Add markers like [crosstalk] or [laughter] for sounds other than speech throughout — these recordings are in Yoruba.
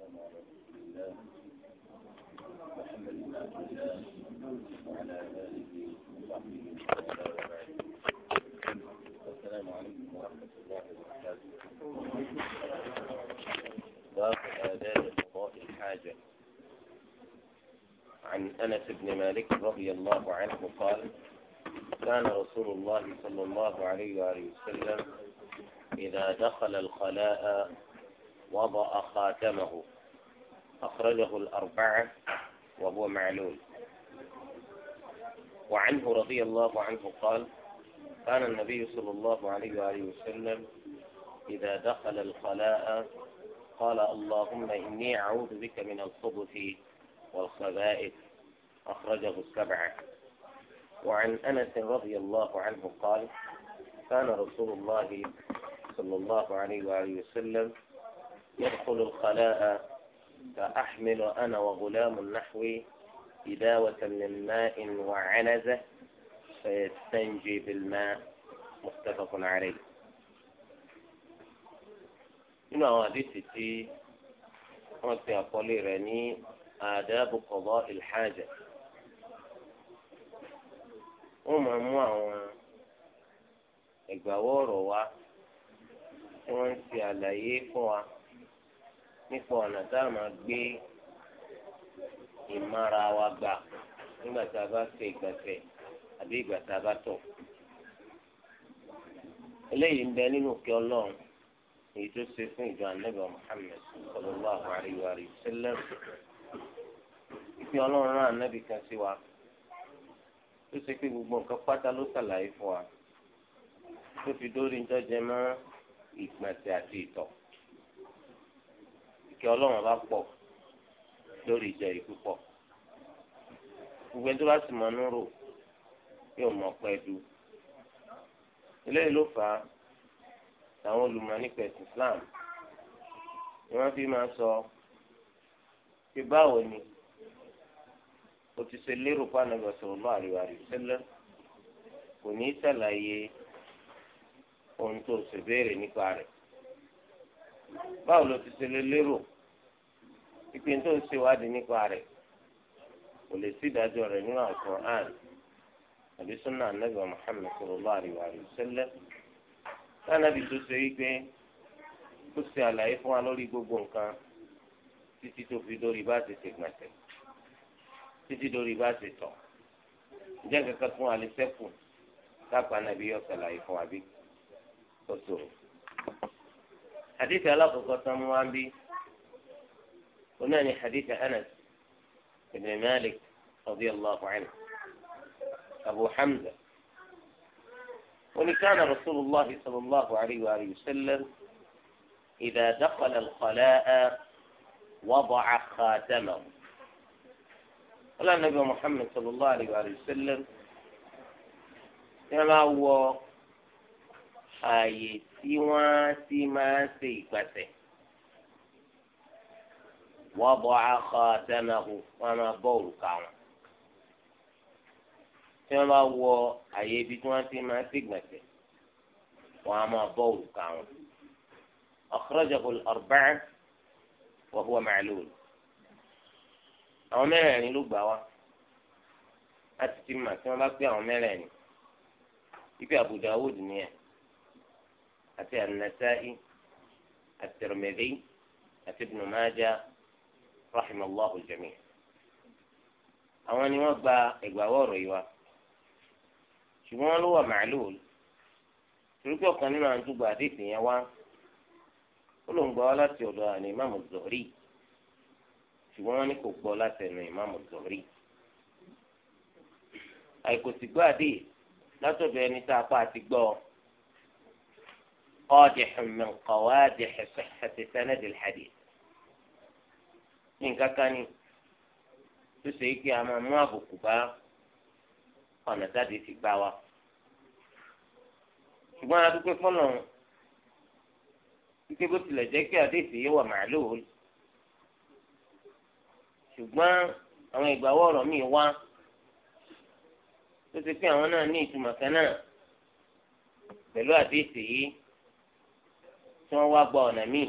والسلام على رسول الله محمد بن عبد السلام عليكم ورحمة الله وبركاته باب آداب قضاء الحاجة عن أنس بن مالك رضي الله عنه قال كان رسول الله صلى الله عليه وآله وسلم إذا دخل الخلاء وضع خاتمه أخرجه الأربعة وهو معلول وعنه رضي الله عنه قال كان النبي صلى الله عليه وآله وسلم إذا دخل الخلاء قال اللهم إني أعوذ بك من الخبث والخبائث أخرجه السبعة وعن أنس رضي الله عنه قال كان رسول الله صلى الله عليه وآله وسلم يدخل الخلاء فأحمل أنا وغلام نحوي إداوة من ماء وعنزة فيستنجي بالماء متفق عليه nínú àwọn àdìsí tí wọ́n ti àkọlé rẹ̀ ní àdábù kọ̀bọ́ ìlhàjà wọ́n máa mú àwọn ìgbàwọ́ ọ̀rọ̀ wa tí wọ́n ń ṣe àlàyé fún wa. nípa ọ̀nà tá a máa gbé ìmára wa gbà nígbà tá a bá ṣe ìgbàfẹ́ àbí ìgbà tá a bá tọ̀. eléyìí ń bẹ nínú kí ọlọ́run èyí tó ṣe fún ìjọ anábẹ́ Muhammad kan sí wa tó ṣe pé gbogbo nǹkan pátá ló ṣàlàyé fún wa tó fi dórí ń tọ́jẹ mọ́ àti ìkẹ́ ọlọ́run bá pọ̀ lórí ìjọ yìí púpọ̀ gbogbo ẹni tó bá sì mọ inú rò yóò mọ pẹ́ du eléyìí ló fà á làwọn olùmọ̀ nípa Islam ni wọ́n fi máa sọ pé báwo ni o ti ṣe lérò fáwọn ẹgbẹ́ sọ̀rọ̀ lọ́wọ́ àríwá rẹ̀ tẹ́lẹ̀ kò ní í ṣàlàyé ohun tó ṣèbéèrè nípa rẹ̀ báwo ló ti ṣe lè lérò ìpín tó ń ṣèwádìí nípa rẹ̀ kò lè sí ìdájọ́ rẹ̀ nínú Al-Qur'an àbí súnà anábìá Muhammad sallallahu alaihi wa sallam sànàbì tó ṣe wípé ó ṣe àlàyé fún wa lórí gbogbo nǹkan títí tó fi dórí bá ti ṣègbàtẹ̀ títí dórí bá ti tọ̀ ǹjẹ́ kankan fún wa lè sẹ́kù kápá nàbí yọ sàlàyé fún wa bí kò sòrò. حديث ألاقوا قسم وأنبي وناني حديث أنس بن مالك رضي الله عنه أبو حمزة ولي كان رسول الله صلى الله عليه وآله وسلم إذا دخل الخلاء وضع خاتمه قال النبي محمد صلى الله عليه وآله وسلم كما هو ààyè tí wọ́n ti máa ń ṣe ìgbàsẹ̀. wọ́n bọ́ akọ àtẹnahù wọ́n máa bọ́ òrùka wọn. tí wọ́n bá wọ ààyè ibi tí wọ́n ti máa ń ṣe ìgbàsẹ̀ wọ́n máa bọ́ òrùka wọn. akhrajahu al-arba'a wa huwa ma'lul. àwọn mẹ́rẹ̀ẹ̀rin ló gbà wá. a ti mà tí wọ́n bá pé àwọn mẹ́rẹ̀ẹ̀rin. ibi Abu Dawud nìyẹn àti an-Nasa'i at-Tirmidhi àti Ibn Majah rahimallahu al-jami' àwọn ni wọ́n gba ìgbàwọ́rọ̀ yìí wa ṣùgbọ́n wọ́n ló wà ma'lul torípé ọ̀kan nínú àwọn tó gba àdéhùn yẹn wá ó ló ń gbọ́ láti ọ̀dọ̀ àná ìmáàmù Zuhri ṣùgbọ́n wọ́n ní kò gbọ́ láti ẹnu ìmáàmù Zuhri àìkò sì gbọ́ àdéhùn látọ̀dọ̀ ẹni tá a pa àti gbọ́ ọ. قادح من قوادح صحة سند الحديث nǹkan kan ni tó ṣe kí a máa mú àbùkù bá ọ̀nà jáde ti gbá wa ṣùgbọ́n adúgbò fọ́nà wípé bó tilẹ̀ jẹ́ kí àdéhìí yé wà màálù ṣùgbọ́n àwọn ìgbàwọ́ ọ̀rọ̀ mi wá tó ṣe pé àwọn náà ní ìtumọ̀ kan náà pẹ̀lú àdéhìí yìí tí wọ́n wá gba ọ̀nà míì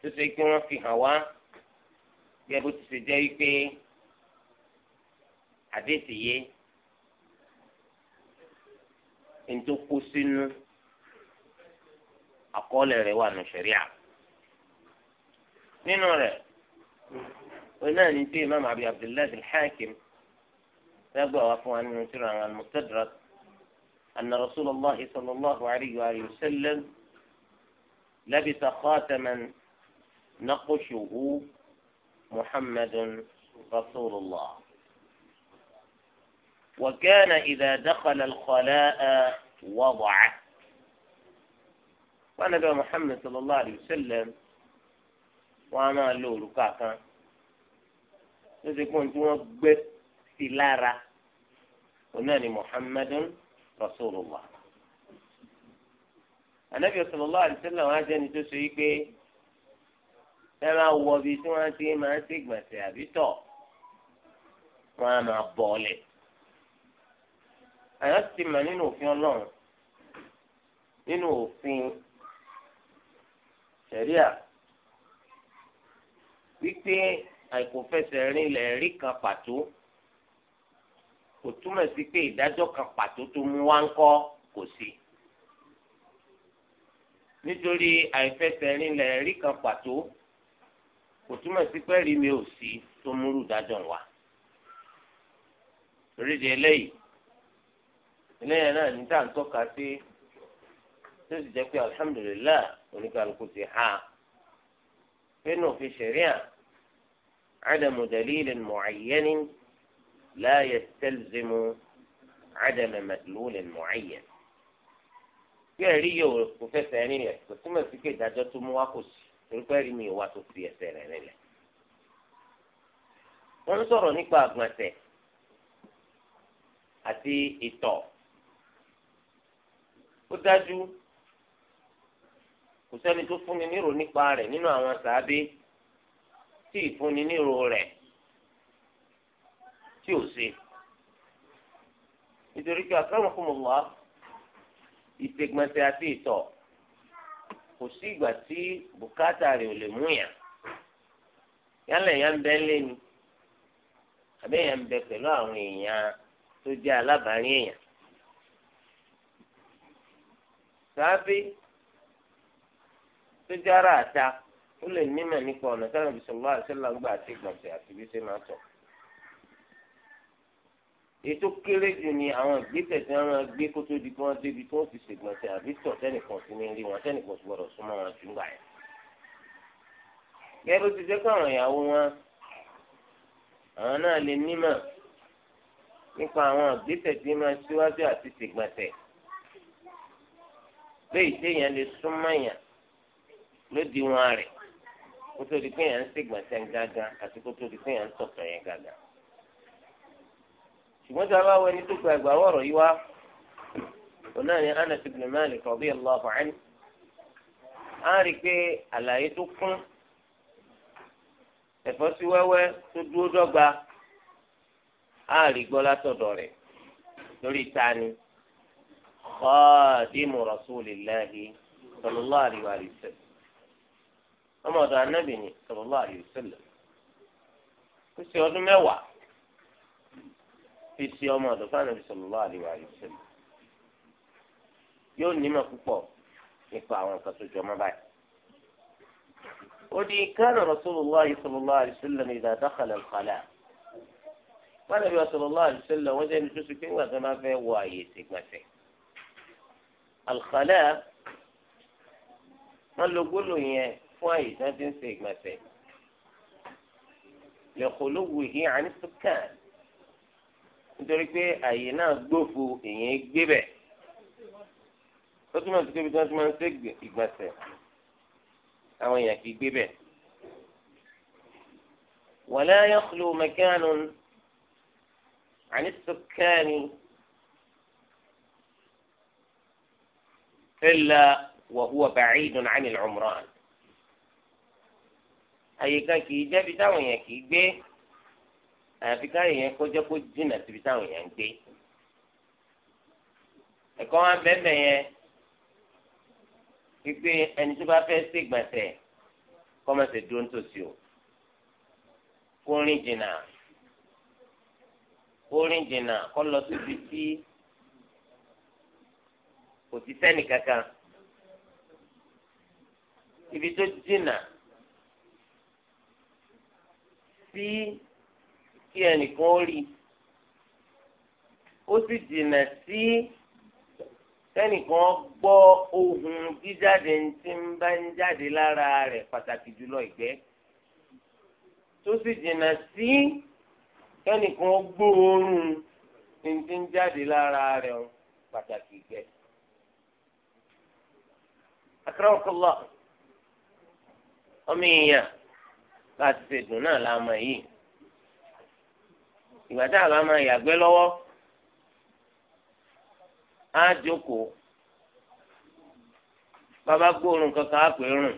tó ṣe pé wọ́n fi hàn wá bí ẹ bó ti ṣe jẹ́ wípé àdéhùn yé ntó kó sínú àkọọ́lẹ̀ rẹ̀ wà nù sẹ̀ríà nínú rẹ̀ wọn náà ní tí imáàmù abiy abdullahi al-hakim lẹ́gbẹ̀ẹ́ fún wa nínú tíra àwọn al anna rasulallah sallallahu alayhi wa sallam. لبس خاتما نقشه محمد رسول الله وكان إذا دخل الخلاء وضعه وأنا محمد صلى الله عليه وسلم وأنا له لكاكا يقول كنت بس في لارا وناني محمد رسول الله anabi sallallahu alaihi wasallam wọn ajẹni tó so yìí pé ẹ máa wọ bí tí wọn ti máa ń ṣègbọ̀nsẹ̀ àbí tọ̀ wọn á máa bọ̀ ọlẹ̀ àyàn ti mà nínú òfin Ọlọ́run nínú òfin ṣẹ̀ríà wípé àìkòfẹsẹ̀ rinlẹ̀ rí kan pàtó kò túmọ̀ sí pé ìdájọ́ kan pàtó tó mú wá ń kọ́ kò sí nítorí àìfẹsẹ̀rinlẹ̀ ẹ̀rí kan pàtó kò túmọ̀ sí pé ẹ̀rí mi ò sí tó múrù dájọ́ wa. oríṣi eléyìí eléyìí náà ní táà ń tọ́ka sí tó sì jẹ́ pé alhamdulilayi oníkàlùkù ti ha nínú òfin ṣẹ̀ríà عدم دليل معين لا يستلزم عدم مدلول معين bí eri yóò kò fẹsẹ̀ nílẹ̀ kò túmọ̀ sí pé ìdájọ́ tó mú wá kò sí torípé ẹ̀rí mi ò tó fi ẹsẹ̀ rẹ̀ nílẹ̀. wọ́n ń sọ̀rọ̀ nípa àgbọ̀nsẹ̀ àti ìtọ̀ ó dájú kò sẹ́ni tó fúnni niro nípa rẹ̀ nínú àwọn sàábé tí ìfúnni nírò rẹ̀ tí ò ṣe nítorí pé wá. ìsègbọ̀nsẹ̀ àti ìtọ̀ kò sí ìgbà tí bùkátà rẹ̀ ò lè mú yàn yálà yàn bẹ ńlẹ ni àbẹ yàn bẹ pẹ̀lú àwọn èèyàn tó jẹ́ alábàárín èèyàn sáfì tó jẹ́ ara àta ó lè nímọ̀ nípa ọ̀nà táwọn bisọ̀lá àṣẹ làǹgbà àti ìgbọ̀nsẹ̀ àti bí ṣe tọ̀ ètò kéré jù ni àwọn ìgbésẹ̀ tí wọ́n máa gbé kó tó di kí wọ́n débi tí wọ́n ti ṣègbọ̀nsẹ̀ àbí tọ̀ sẹ́nìkan sí ní rí wọn sẹ́nìkan sì gbọ́dọ̀ súnmọ́ wọn jù gbà yẹn. gẹ́gẹ́ bó ti jẹ́ pé àwọn ìyàwó wọn àwọn náà lè nímọ̀ nípa àwọn ìgbésẹ̀ tí máa síwájú àti ṣègbọ̀nsẹ̀ pé ìṣèyàn lè súnmọ́ yàn lódiwọ̀n rẹ̀ kó tó di pé yàn ń ṣègbọ̀nsẹ̀ gángan àti kó tó di pé yàn ń tọ̀tọ̀ yẹn gángan ṣùgbọ́n tí a bá wọ ẹni tó gba ìgbà wọ̀rọ̀ yìí wá òun náà ni Anas ibn Malik radiyallahu anhu á rí i pé àlàyé tó kún ẹ̀fọ́ sí wẹ́wẹ́ tó dúró dọ́gba á rí gbọ́ látọ̀dọ̀ rẹ̀ lórí tani khadimu rasulillahi sallallahu alaihi wa sallam ọmọ ọ̀dọ̀ anábìnrin sallallahu alaihi wa sallam ó ṣe ọdún mẹ́wàá. fi ṣe ọmọ ọ̀dọ̀ fún Ànábì sallallahu alaihi wasallam yóò nímọ̀ púpọ̀ nípa àwọn nǹkan tó jọmọ́ báyìí. ودي كان رسول الله صلى الله عليه وسلم إذا دخل الخلاء والنبي صلى الله عليه وسلم وزن جسك وزما في وايتك مثلا الخلاء من لو قولوا هي وايت ما تنسيك مثلا لخلوه عن السكان nítorí pé àyè náà gbófo èèyàn gbé bẹ̀ ó túmọ̀ sí pé bí wọ́n ti máa ń ṣe ìgbọ̀nsẹ̀ àwọn èèyàn kì í gbé bẹ̀. lé ayé ولا يخلو مكان عن السكان إلا وهو بعيد عن àyè kan kì í jẹ́ bí táwọn èèyàn kì í gbé àyàfi káyọ̀ yẹn kọjá kó jìnnà síbi táwọn èèyàn ń gbé ẹ̀kọ́ wọn bẹ́ẹ̀ yẹn pípé ẹni tó bá fẹ́ ṣègbọ̀nsẹ̀ kọ́mọ̀sẹ̀ dúró nítòsí o kó rìn jìnnà kó rìn jìnnà kó lọ síbi tí kò ti sẹ́ni kankan ibi tó jìnnà sí. Si, kí ẹnìkan ó rí ó sì jìnnà sí kẹ́nìkan gbọ́ ohun jíjáde tí ń bá ń jáde lára rẹ̀ pàtàkì jùlọ ìgbẹ́ tó sì jìnnà sí kẹ́nìkan gbóòórùn tí ń jáde lára rẹ̀ pàtàkì ìgbẹ́. akérèmọ́kọ́lá ọmọ èèyàn láti ṣèdùn náà láàmú yìí ìgbà tá a bá máa yàgbẹ́ lọ́wọ́ á jókòó bàbá gbóòórùn kankan á pè é rùn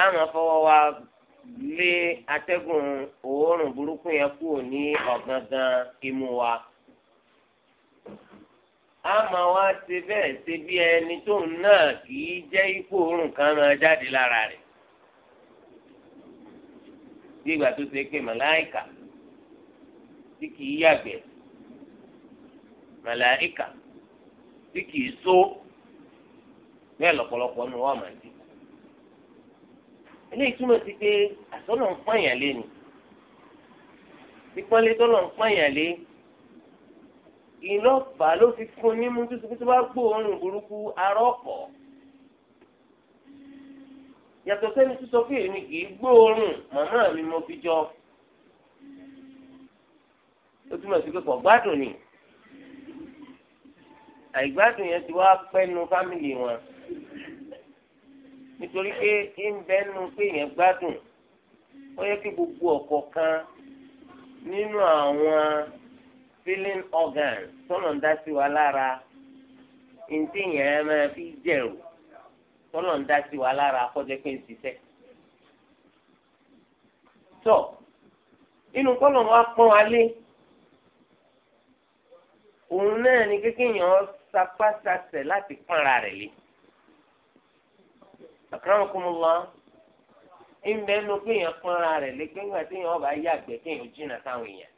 á máa fọwọ́ wa lé atẹ́gùn òórùn burúkú yẹn kúrò ní ọ̀gangan imú wa á máa wá ṣe bẹ́ẹ̀ ṣe bí ẹni tóun náà kì í jẹ́ ipò òórùn kan máa jáde lára rẹ̀ bí ìgbà tó ṣe pé màláìkà tí kìí yàgbẹ́ màláìkà tí kìí só bẹ́ẹ̀ lọ́pọ̀lọpọ̀ ni wọ́n máa di. eléyìí túmọ̀ sí pé àsọ̀nà ń pààyàn lé ni pípọ́nlé tọ́lọ̀ ń pààyàn lé ìlọ́pàá ló fi fún un ní mú tó bá gbóòórùn burúkú arọ́pọ̀ yàtọ̀ sẹ́ni tó sọ pé èmi kì í gbóòórùn màmá mi mo fi jọ ó túmọ̀ sí pé kò gbádùn ni àìgbádùn yẹn ti wá pẹ́nu fámìlì wọn nítorí pé ń bẹ́nu pé yẹn gbádùn ó yẹ kí gbogbo ọ̀kọ̀ọ̀kan nínú àwọn feeling organs tọ́nà ń dá sí wa lára ntí yẹn máa fi jẹ̀rù. tọ́lọ̀ ń dá sí wa lára akọ́jẹ́ pé ń ṣiṣẹ́. tọ́ inú kọ́lọ̀ wa pọ́n wa lé òun náà ni kékéèyàn sapásasẹ̀ láti pọ́nra rẹ̀ lé. akramakumullah ń rẹ le kéèyàn pọ́nra rẹ̀ lé kéèyàn àti èèyàn ọba yàgbẹ́ jìnnà èèyàn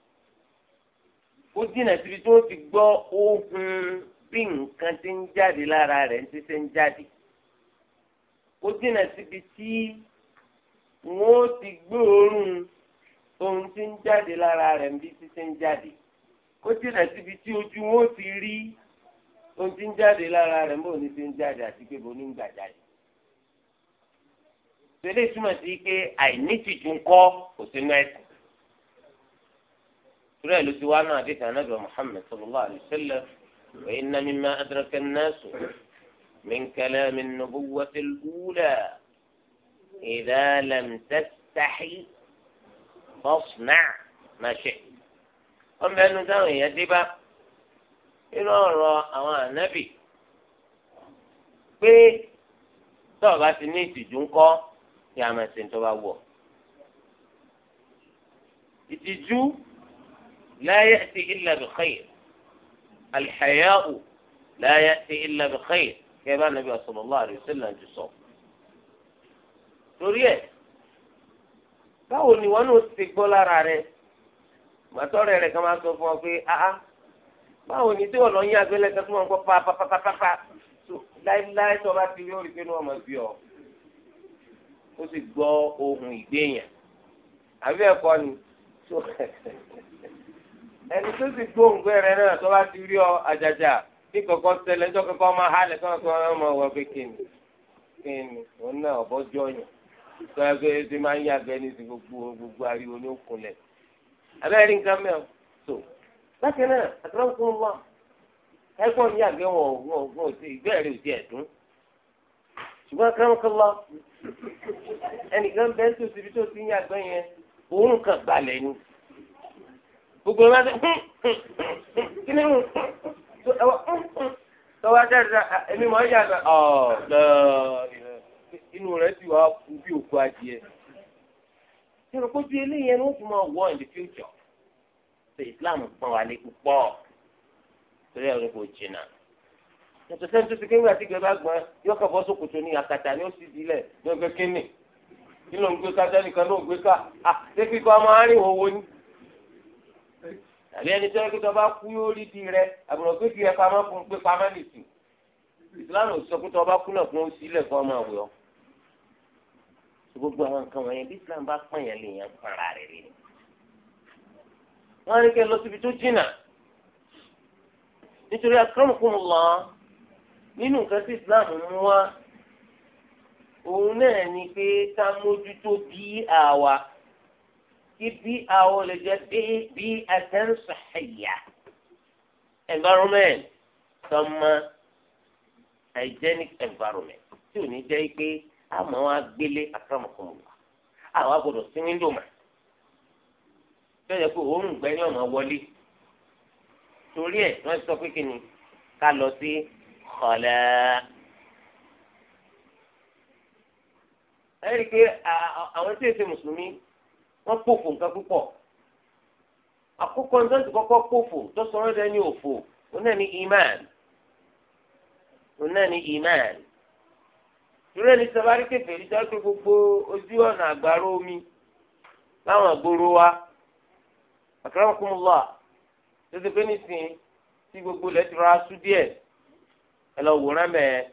ó síbi tí wọ́n ti gbọ́ ohun bí nǹkan ti ń jáde lára rẹ̀ ń kó dínà síbi tí wọ́n ti gbóòórùn ohun tí ń jáde lára rẹ̀ ń bí títí ń jáde kó dínà síbi tí ojú wọn ti rí ohun tí ń jáde lára rẹ̀ ń bò ní ti ń jáde àti pé bò ní ń gbà jáde tẹ́lẹ̀ túmọ̀ sí pé àìnítìjú ń kọ́ kò sínú ẹ̀sìn. Sura ló ti wá náà àdéhùn anábìá Mùhàmmad sallallahu alaihi wasallam wa inna mimma adraka من كلام النبوة الأولى إذا لم تستحي فاصنع ما شئت قم ب أ ن ه ترى نبي إ ل ى راهو النبي ب ترى سنيتي جنكو يا ما سنتوبا و اتجو لا يأتي إلا بخير الحياء لا يأتي إلا بخير kẹ́ẹ́bá nàbí sallallahu alaihi wasallam ti sọ. torí ẹ̀ báwo ni wọn náà ti gbọ́ lára rẹ̀ gbàtọ́rẹ̀ rẹ̀ kan máa sọ fún ọ pé áá báwo ni tí ọ̀nà yín abẹ́lẹ̀ kan tó máa ń gbọ́ pàápàápàápàá láéláé tó bá ti rí orí pé ní bí ọ ó sì gbọ́ ohun ìgbéyàn àbí ẹ̀kọ́ ni [laughs] ẹni tó sì gbóhùn gbẹ́rẹ́ náà tó bá ti rí ọ àjàjà tí kọ̀kọ́ ṣẹlẹ̀ tó kọ̀kọ́ máa halẹ̀ tó kọ̀kọ́ ọmọ wọ pé kíni kíni òun náà ọ̀bọ jọyàn tó yẹ kó ẹsẹ̀ máa ń yàgbẹ́ ní ti gbogbo gbogbo ariwo ní òkunlẹ̀ abẹ́rẹ́ nǹkan mẹ́ọ̀ tó bákan náà àtúrọ̀ tó ń wà ẹ̀gbọ́n mi yàgbẹ́ wọn wọn wọn ti ìgbẹ́ rẹ̀ ò ti ẹ̀dún ṣùgbọ́n akérèmọ́kọ́lá ẹnìkan bẹ́ẹ̀ tó ti fi tó ti ń yàgbẹ́ yẹn òun kàn gbalẹ̀ ni gbogbo ẹ̀ máa ń sẹ́ Mm, mm. tó wá dáadáa èmi mọ̀ ń yàgbà ọ̀ inú rẹ̀ sì wá kú bí òkú adìẹ. Ṣèrò kó ju eléyìí ẹni wọ́n fi máa wọ in the future. Ṣé Islam pọn wà lé púpọ̀? Torí ẹ̀rọ kò jìnnà. Yàtọ̀ sẹ́ni tó ti kéwì àti ìgbẹ́ bá gbọ́n yóò kọ̀ bọ́ sókòtò ní àkàtà ni ó sì dilẹ̀ ní ọgbẹ́ kínní. Kí ló ń gbé ká sẹ́nìkan ló ń gbé ká? ṣé kíkọ́ ọmọ arìnwó wo ni? tàbí ẹni tó yẹ kí tó bá kú yóò rí di rẹ àbúrò pé kí ẹ pamọ́ fún pé pamọ́ nìsí ìsìláàmù sọ pé tó bá kú náà fún ó sílẹ̀ fún ọmọ àwòrán gbogbo àwọn nǹkan wọ̀nyẹn bí islam bá pọ̀ yẹn lè yẹn para rẹ̀ rẹ̀ wọ́n rí kẹ́ lọ síbi tó jìnnà nítorí akramakumullah nínú nǹkan tí islam mú wá òun náà ni pé ká mójútó bí àwa kí bí'à ó lè jẹ́ pé bí'à sahihah environment tó mọ hygienic environment tí ò ní jẹ́ pé àmọ́ wa gbélé àtàmùkùnmùlà àwa gbọdọ̀ sí wíńdò mà tó yẹ pé òórùn gbẹ ní ọ̀nà wọlé torí ẹ̀ wọ́n sọ pé kíni ká lọ sí khala ẹ̀rí pé àwọn tí èsì mùsùlùmí wọn pòfò nǹkan púpọ̀ àkókò nǹkan tó kọ́kọ́ pòfò tó sọ̀rọ̀ dẹ ní òfò òun náà ní imán òun náà ní imán ìrú ẹni sọ bá rí kèfèrí gbogbo ojú ọ̀nà àgbàrá omi láwọn àgbòrò wa akramakumullah tó ti pé nísìnyí tí gbogbo ilẹ̀ ti rọra sú díẹ̀ ẹ lọ wòran mẹ́ẹ̀ẹ́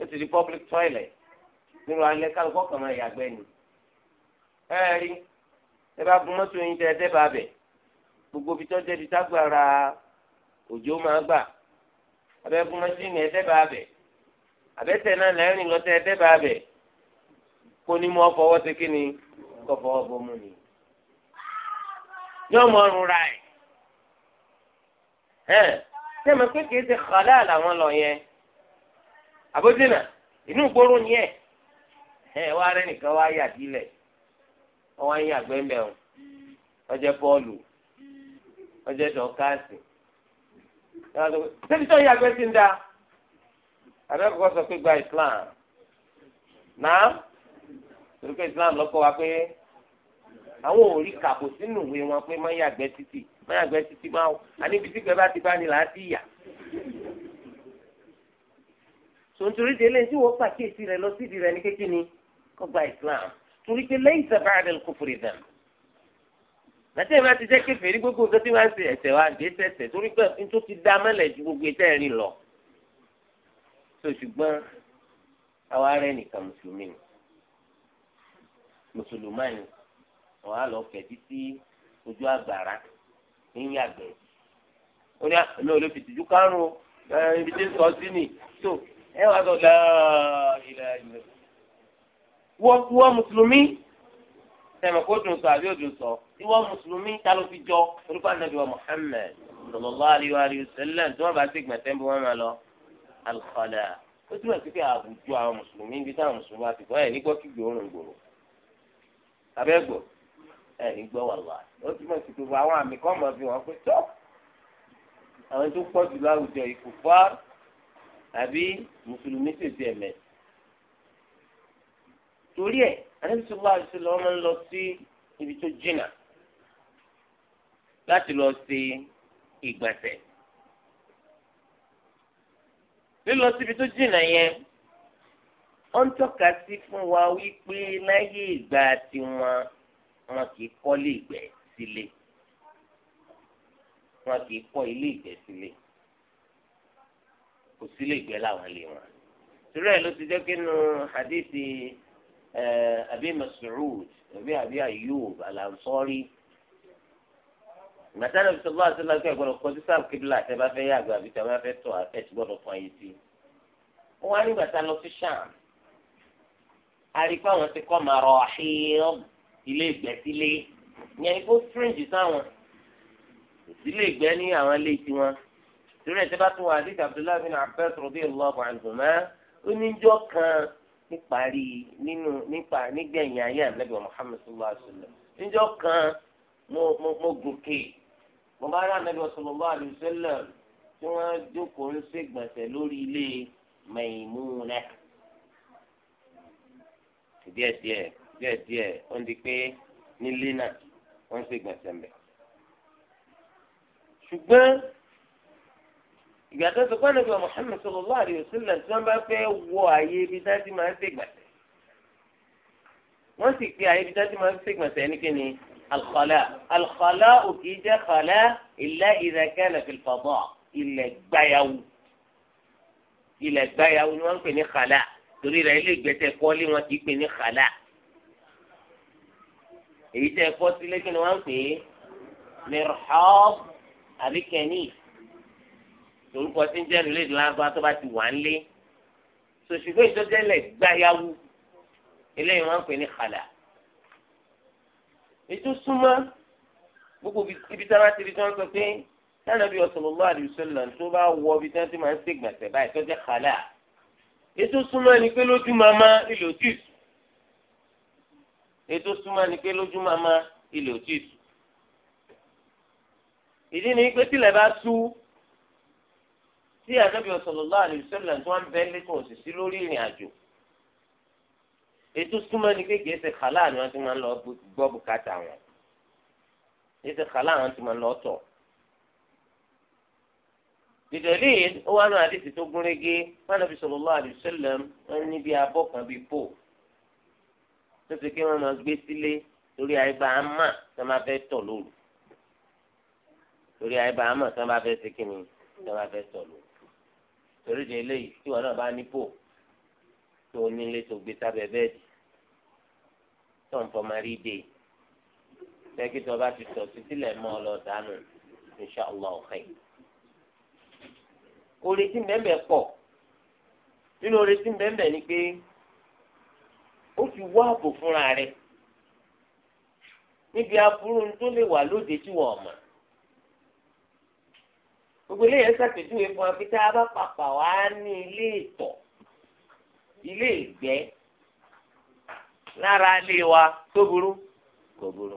ó ti di public toilet nínú alẹ́ kálukọ́ kan máa yàgbẹ́ ni. ẹ rí ẹ bá gun mọ́tò yín tẹ ẹ dẹ́ba bẹ̀ gbogbo ibi tó débi tágbára òjò máa gbà abẹ́ gun mọ́tìnì ẹ dẹ́ba bẹ̀ abẹ́tẹ̀ náà lẹ́rìn lọ́tẹ̀ ẹ dẹ́ba bẹ̀ kó ní mọ́ fọwọ́ sí kí ni kọ́ fọwọ́ bomú ni yóò mọ ọrùn ra ẹ̀ ẹ̀ sẹ́mi pé kìí ṣe xalá làwọn lọ yẹn àbójúnà inú gbóró ni ẹ̀ ẹ̀ wá rẹ́ nìkan wá yà dílẹ̀. ọwọ́ ayé àgbẹ̀ mẹ́wọ̀n ọjẹ́ bọ́ọ̀lù ọjẹ́ dọ̀kásì tẹ́lifíṣọ́ yìí àgbẹ̀ ti ń da àbẹ́kọ̀ọ́ sọ pé gba Islam náà Islam lọ́kọ́ wa pé àwọn ò kàkó sínú ìwé wọn pé máa ń yàgbẹ́ títì máa títì máa wò bá ti bá ní là á ti yà. tí wọ́n lọ sídìí ní kékeré kọ́ torí pé lẹ́yìn sábà rẹ̀ kò fòrè dàn. Màtí ìbá ti jẹ́ kéfèé ní gbogbo nǹkan tí wọ́n á ṣe ẹ̀sẹ̀ wa àgbé sẹ̀sẹ̀ torí pé ní tó ti dá mẹ́lẹ̀ ju gbogbo ẹ̀sẹ̀ rí lọ. Sọ ṣùgbọ́n àwa rẹ̀ nìkan mùsùlùmí ni. Mùsùlùmá ni wọ́n á lọ fẹ̀ títí ojú àgbàrá ní yàgbẹ́. Ó ní àná olè fi tìjú kárùn-ún ibi tí ń sọ sí nì. Tó ẹ wá sọ láàá ilẹ̀ ìlẹ̀ wọ mùsùlùmí sẹ́mi kó dùn sọ àbí ò dùn sọ ìwọ mùsùlùmí ta ló fi jọ orúkọ ànábì wa Muhammad sallallahu alayhi wa sallam tí wọ́n bá ti gbẹ̀sẹ̀ bí wọ́n máa lọ alùpàdà ó túbọ̀ sí pé àwùjọ àwọn mùsùlùmí ibi táwọn mùsùlùmí bá ti gbọ́ ẹ̀ nígbọ́ kí gbòòrùn gbòòrò abẹ́ gbò ẹ̀ nígbọ́ wàlúwà ó túbọ̀ sí pé àwọn àmì kan mọ̀ fi wọ́n pé tọ́ àwọn tó pọ̀ jù láwùjọ ìkùfà àbí mùsùlùmí tètè ẹ̀mẹ́sì torí ẹ̀ àdébísọ̀lá àdébísọ̀lá ọmọ ń lọ sí ibi tó jìnnà láti lọ sí ìgbọ̀nsẹ̀ lílọ síbi tó jìnnà yẹn ó ń tọ́ka sí fún wa wípé láyé ìgbà tiwọn wọn kì í kọ́lé ìgbẹ́ sílé wọn kì í kọ́ ilé ìgbẹ́ sílé kò sílé ìgbẹ́ láwọn ilé wọn. sùrẹ́ ló ti jẹ́ kí nu Eh, abi Mas'ud abi abi Ayyub Al-Ansari gbàtà nàbì sọlá àtúnlá kí ẹgbọnọ kọjú sáà kébìlà tẹ bá fẹ́ yàgbà àbí tẹ bá fẹ́ tọ̀ àfẹ tí gbọ́dọ̀ fọ ayé sí wọn á ní gbàtà lọ sí sàm àríkọ àwọn ti kọ máa rọ àhíyàn ilé ìgbẹ́ sílé ìyẹn ni kó fíríǹjì sáwọn ìdílé ìgbẹ́ ní àwọn ilé tiwọn torí ẹ̀ tẹ́ bá tún wà àdìsí Abdullahi bin Abbas radiyallahu anhuma ó ní jọ́ kan níparí nínú nípa nígbẹ̀yìn ayé ànábì Muhammad sallallahu alaihi wasallam níjọ́ kan mo mo mo gòkè mo bá rí ànábì sallallahu alaihi wasallam tí wọ́n jókòó ń ṣègbọ̀nsẹ̀ lórí ilé Maimuna díẹ̀díẹ̀ díẹ̀díẹ̀ ó ń di pé nílé náà wọ́n ń ṣègbọ̀nsẹ̀ mbẹ̀ ṣùgbọ́n ìgbà tó sọ pé níbi Muhammad sallallahu alaihi wasallam tí wọ́n bá fẹ́ wọ àyè ibi dájú máa ń ṣègbàsẹ̀ wọ́n sì pe àyè ibi dájú máa ń ṣègbàsẹ̀ ẹnikẹ́ni alxọlá alxọlá òkè jẹ́ xọlá illa idha kana fil fada ilẹ̀ gbáyàwó ilẹ̀ gbáyàwó ni wọ́n ń pè ní xọlá torí rẹ̀ ilé ìgbẹ́sẹ̀ kọ́lé wọn kì í pè ní xọlá èyí tẹ́ ẹ kọ́ sílé kí ni wọ́n ń pè é mìrìhọ́ọ́ àbí lórúkọ tí ń jẹ́ ìlú èdè lárúbá tó bá ti wà ń lé sòṣùgbọ́n ìtọ́jẹ́lẹ̀ gbáyàwó eléyìí wọ́n ń pè ní kàlà ètò súnmọ́ gbogbo ibi tí wọ́n ti rí tí wọ́n sọ pé sáà bí sallallahu alaihi wasallam tó bá wọ ibi tí wọ́n ti máa ń ṣègbọ̀nsẹ̀ báyìí tó jẹ́ kàlà ètò súnmọ́ ni pé lójú màmá ilé òtí ìsù ètò súnmọ́ ni pé lójú màmá ilé òtí ìsù ìdí ni pé tílẹ̀ bá sú tí ànábì sallallahu alaihi wasallam tí wọ́n bẹ́ẹ̀ lé kò sì sí lórí ìrìn àjò ètò súnmọ́ ni kéèké ṣe kàlá ni wọ́n ti máa ń lọ gbọ́ bùkátà wọn ètò kàlá wọn ti máa ń lọ tọ̀ dídọ̀lì ó wà náà àdìsí tó gúnrégé Ànábì sallallahu alaihi wasallam wọn níbi abọ́ kan bíi pò tó ti ké wọn máa gbé sílé torí àyíbá àmà tó máa fẹ́ tọ̀ lóru torí àyíbá àmà tó máa fẹ́ ṣe kíni tó máa fẹ́ tọ̀ lóru torí de eléyìí tí wọn náà bá nípò tó nílé tó gbé sábẹ́ bẹ́ẹ̀dì tó ń fọmọ rí de sẹ́kì tó bá ti tọ̀ sí sílẹ̀ mọ́ ọ lọ dànù inṣàlá ọ̀hẹ́. oretí bẹ́ẹ̀ pọ̀ nínú oretí bẹ́ẹ̀ ni pé ó fi wá ààbò fúnra rẹ̀ níbi aburú tó lè wà lóde tí wọ́n mọ̀ gbogbo ilé yẹn ṣàpèjúwe fún wa pé tá a bá papà wá ní ilé ìtọ̀ ilé ìgbẹ́ lára ilé wa tó burú kò burú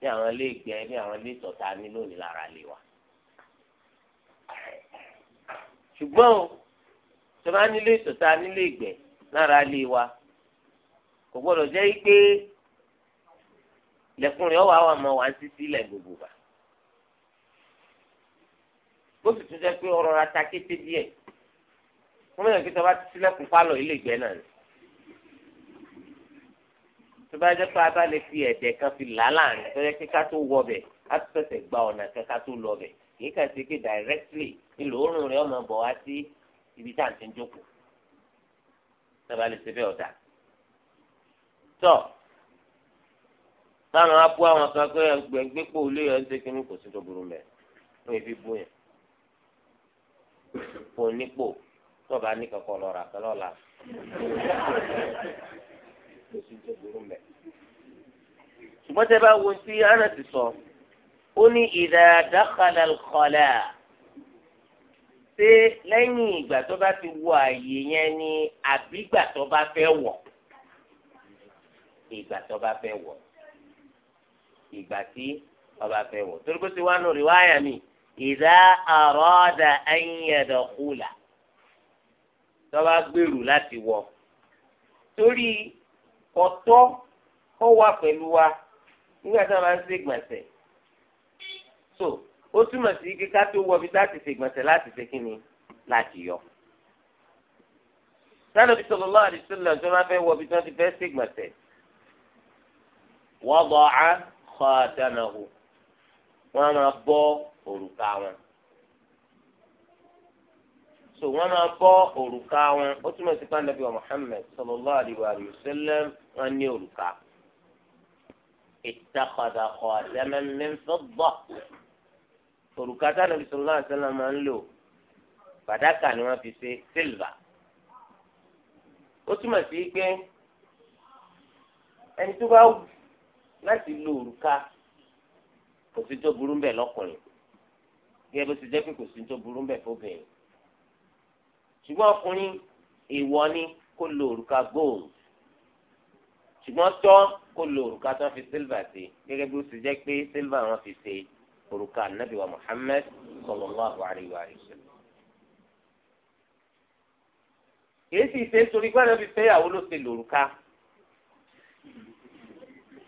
bí àwọn ilé ìgbẹ́ bí àwọn ilé ìtọ̀ tá a ní lónìí lára ilé wa ṣùgbọ́n o tó bá nílé ìtọ̀ tá nílé ìgbẹ́ lára ilé wa kò gbọ́dọ̀ jẹ́ pé lẹ́kùnrin ọ̀wà wà mọ́ wá sí sílẹ̀ gbogbo wa ó sì tún jẹ́ pé ọ̀rọ̀ ra ta kété díẹ̀ wọ́n mẹ́rin pé tọ́ba ti sílẹ̀kùn pálọ̀ ilé ìgbẹ́ náà ni tó bá jẹ́ pé a bá lè fi ẹ̀dẹ̀ kan fi là láàrin tó yẹ kí ká tó wọ bẹ̀ á ti fẹsẹ̀ gba ọ̀nà kan ká tó lọ bẹ̀ kìí kà sí pé directly ìlò oorun rẹ̀ ọmọ bọ̀ wá sí ibi tá à ń ti jókòó tọ́ba lè ṣe bẹ́ẹ̀ ọ̀dà tọ́ táwọn abú àwọn kan pé ẹgbẹ́ gbépò olóyè ẹ̀ ń ṣe kínní kò sí tó burú mẹ́ fi bú yẹn fún onípò tó bá ní kankan lọ rà kán lọ́la kò sí tó burú mẹ́. ṣùgbọ́n tẹ́ bá wo sí ara ti sọ ó ní ìdá dákàlà kọlà ṣé lẹ́yìn ìgbà tó bá ti wọ àyè yẹn ni àbígbà tó bá fẹ́ wọ̀ ìgbà tó bá fẹ́ wọ̀ ìgbà tí ọba fẹ́ wọ̀ torí pé ti wá nù rí wáyà mi ìdá àrọ́dà ẹ̀yẹ̀dọ̀kúlà tọ́ba gbèrú láti wọ̀ torí ọ̀tọ́ ó wà pẹ̀lú wa nígbà tí a máa ń ṣe gbọ̀nsẹ̀ so ó túmọ̀ sí kí ká tó wọ bí láti ṣe gbọ̀nsẹ̀ láti ṣe kíni láti yọ. sáré bí sallallahu alaihi wasallam tó máa fẹ́ wọ bí wọ́n ti fẹ́ ṣe gbọ̀nsẹ̀ wọ́n bọ̀ á kọ́ àtànà hù wọ́n máa bọ́ òrùka wọn so wọn máa bọ́ òrùka wọn ó túmọ̀ sí pàǹdàbí wa Muhammad sallallahu alayhi wa sallam wọn ní òrùka ittakhadha khataman min fiddah òrùka tánàbí sallallahu alayhi wa sallam máa ń lò fàdákà ni wọ́n fi ṣe sílvà ó túmọ̀ sí pé ẹni tó bá wù láti lo òrùka kò sí tó burú bẹ́ẹ̀ lọ́kùnrin gẹ́gẹ́ bó ti jẹ́ pé kò sí tó burú mbẹ̀ fóbìnrin ṣùgbọ́n ọkùnrin èèwọ̀ ni kó lo òrùka gold ṣùgbọ́n tọ́ kó lo òrùka tó fi sílvà sí gẹ́gẹ́ bó ti jẹ́ pé sílvà wọn fi ṣe òrùka nàbì wa Muhammad sallallahu alaihi wa sallam. kìí sì ṣe torí gbọ́dọ̀ fi fẹ́yàwó ló ṣe lòrùka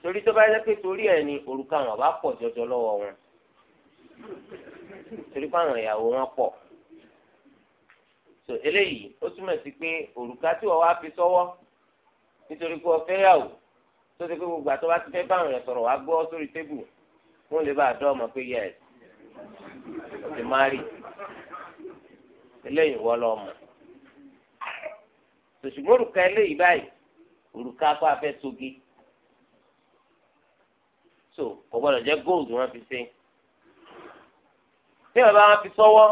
torí tó bá yẹ pé torí ẹ̀ ni òrùka wọn bá pọ̀ jọjọ lọ́wọ́ wọn torí fáwọn ìyàwó wọn pọ̀ so eléyìí ó túmọ̀ sí pé òrùka tí wọ́n wá fi sọ́wọ́ nítorí pé ọ̀fẹ́ yàwó tó ti pé gbogbo àti wá ti fẹ́ báwọn èèyàn sọ̀rọ̀ wá gbọ́ sórí tébù wọ́n lè bá àdó ọmọ pé yẹ́s ó ti má rí eléyìí wọ́ lọ́mọ sòṣùgbọ́n òrùka eléyìí báyìí òrùka kó afẹ́ sogi so kò gbọ́dọ̀ jẹ́ gold wọ́n fi ṣe bí bàbá wọn fi sọ́wọ́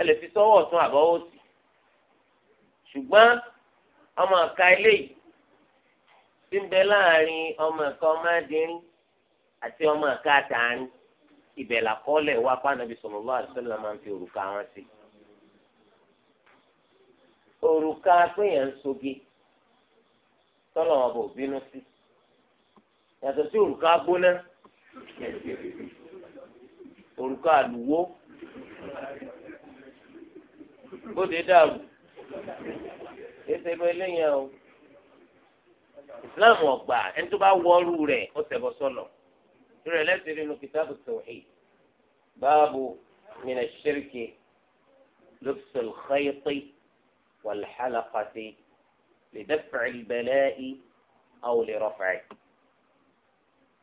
ẹ lè fi sọ́wọ́ ọ̀tún àbọ̀wọ́ sí ṣùgbọ́n ọmọ àka eléyìí ti ń bẹ láàrin ọmọ àka ọmọdéyìn àti ọmọ àka àtàrin ibẹ̀ làkọ́lẹ̀ wá pànàbí sallallahu alaihi wasallam máa ń fi òrùka wọn sí. òrùka péyàn ń soge tọ́lọ̀ wọn bò sí yàtọ̀ sí òrùka gbóná òrùka àlùwó bóde dàrú ètò ìlú eléyàn o islam ọgbà ẹni tó bá wọrú rẹ̀ ó tẹbọ sọlọ rẹ lẹsìn nínú kìtàbù tawhid báàbù mina ṣirki lubsul khayti wal halaqati lidaf'i al-bala'i aw li raf'ihi.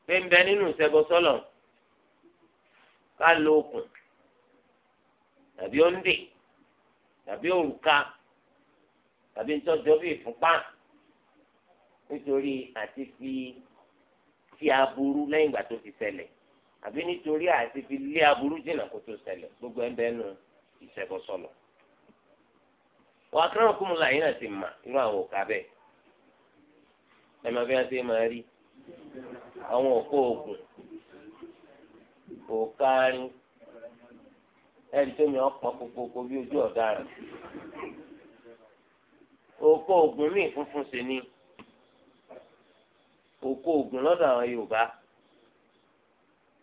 pé ń bẹ nínú ìṣẹ́gun sọ́lọ̀ ká lo okùn tàbí òǹdè tàbí òrùka tàbí ntọ́jọ́ bíi ìfúnpá nítorí àti fi ti aburú lẹ́yìn ìgbà tó ti ṣẹlẹ̀ àbí nítorí àti fi lé aburú jìnnà kó tó ṣẹlẹ̀ gbogbo ẹ̀ bẹ́ẹ̀ nu ìṣẹ́bọ̀sọ̀lọ̀. wà á kẹ́rọ̀ kúmu náà ti mà irú àwọn òkà bẹ́ẹ̀ ẹ máa fi hàn sí máa rí àwọn òkú oògùn òkaarin ẹni tó yàn ọ̀pọ̀ kókókó bí ojú ọ̀daràn òkò ògùn míì funfun sí ni òkò ògùn lọ́dọ̀ àwọn Yorùbá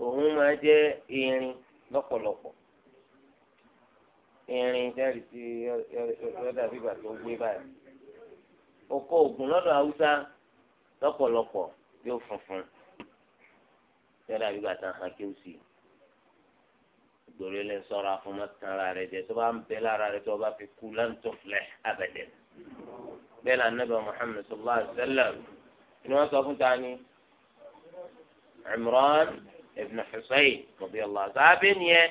òun máa jẹ́ irin lọ́pọ̀lọpọ̀ irin jẹ́rìí sí ọ̀dà bíbà tó gbé báyìí òkò ògùn lọ́dọ̀ Haúsá lọ́pọ̀lọpọ̀ yóò funfun yọ̀dà bí bàtà hàn kí ó sì gbòòrò lè sọ̀rọ̀ àfọmọ́tàn ara rẹ̀ jẹ́ tó bá ń bẹ lára rẹ̀ tó bá fi kú láǹtọ̀ filẹ̀ abẹ́dẹ̀. bẹ́ẹ̀ la nàbẹ̀ Muhammad sallallahu alayhi wa sallam ni wọ́n sọ fún tani Imran ibn Husayn radiyallahu sábẹ́ nìyẹn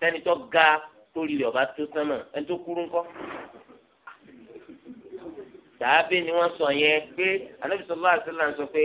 sẹ́ni tó ga lórí rẹ̀ ọba tó sánmà ẹni tó kúrú ńkọ́. sábẹ́ ni wọ́n sọ yẹn pé anabi sallallahu alayhi wa sallam sọ pé.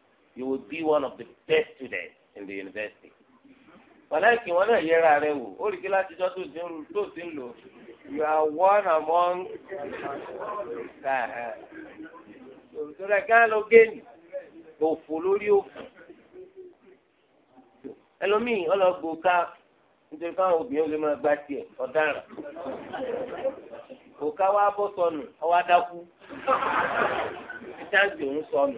you will be one of the best students in the university. Wàláìkì wọn náà yẹra rẹ wò, ó rí kí látijọ́ tó ti ń tó ti ń lò. You are one among òtúrọ̀ ẹ̀ká ló géènì, òfò lórí òfò. Ẹlòmíì ọlọ́gbò ká nítorí káwọn obìnrin olè máa gbá tiẹ̀ ọ̀daràn. Òká wa bọ́ sọnù, ọwọ́ adákú. Ìtàgé òun sọnù.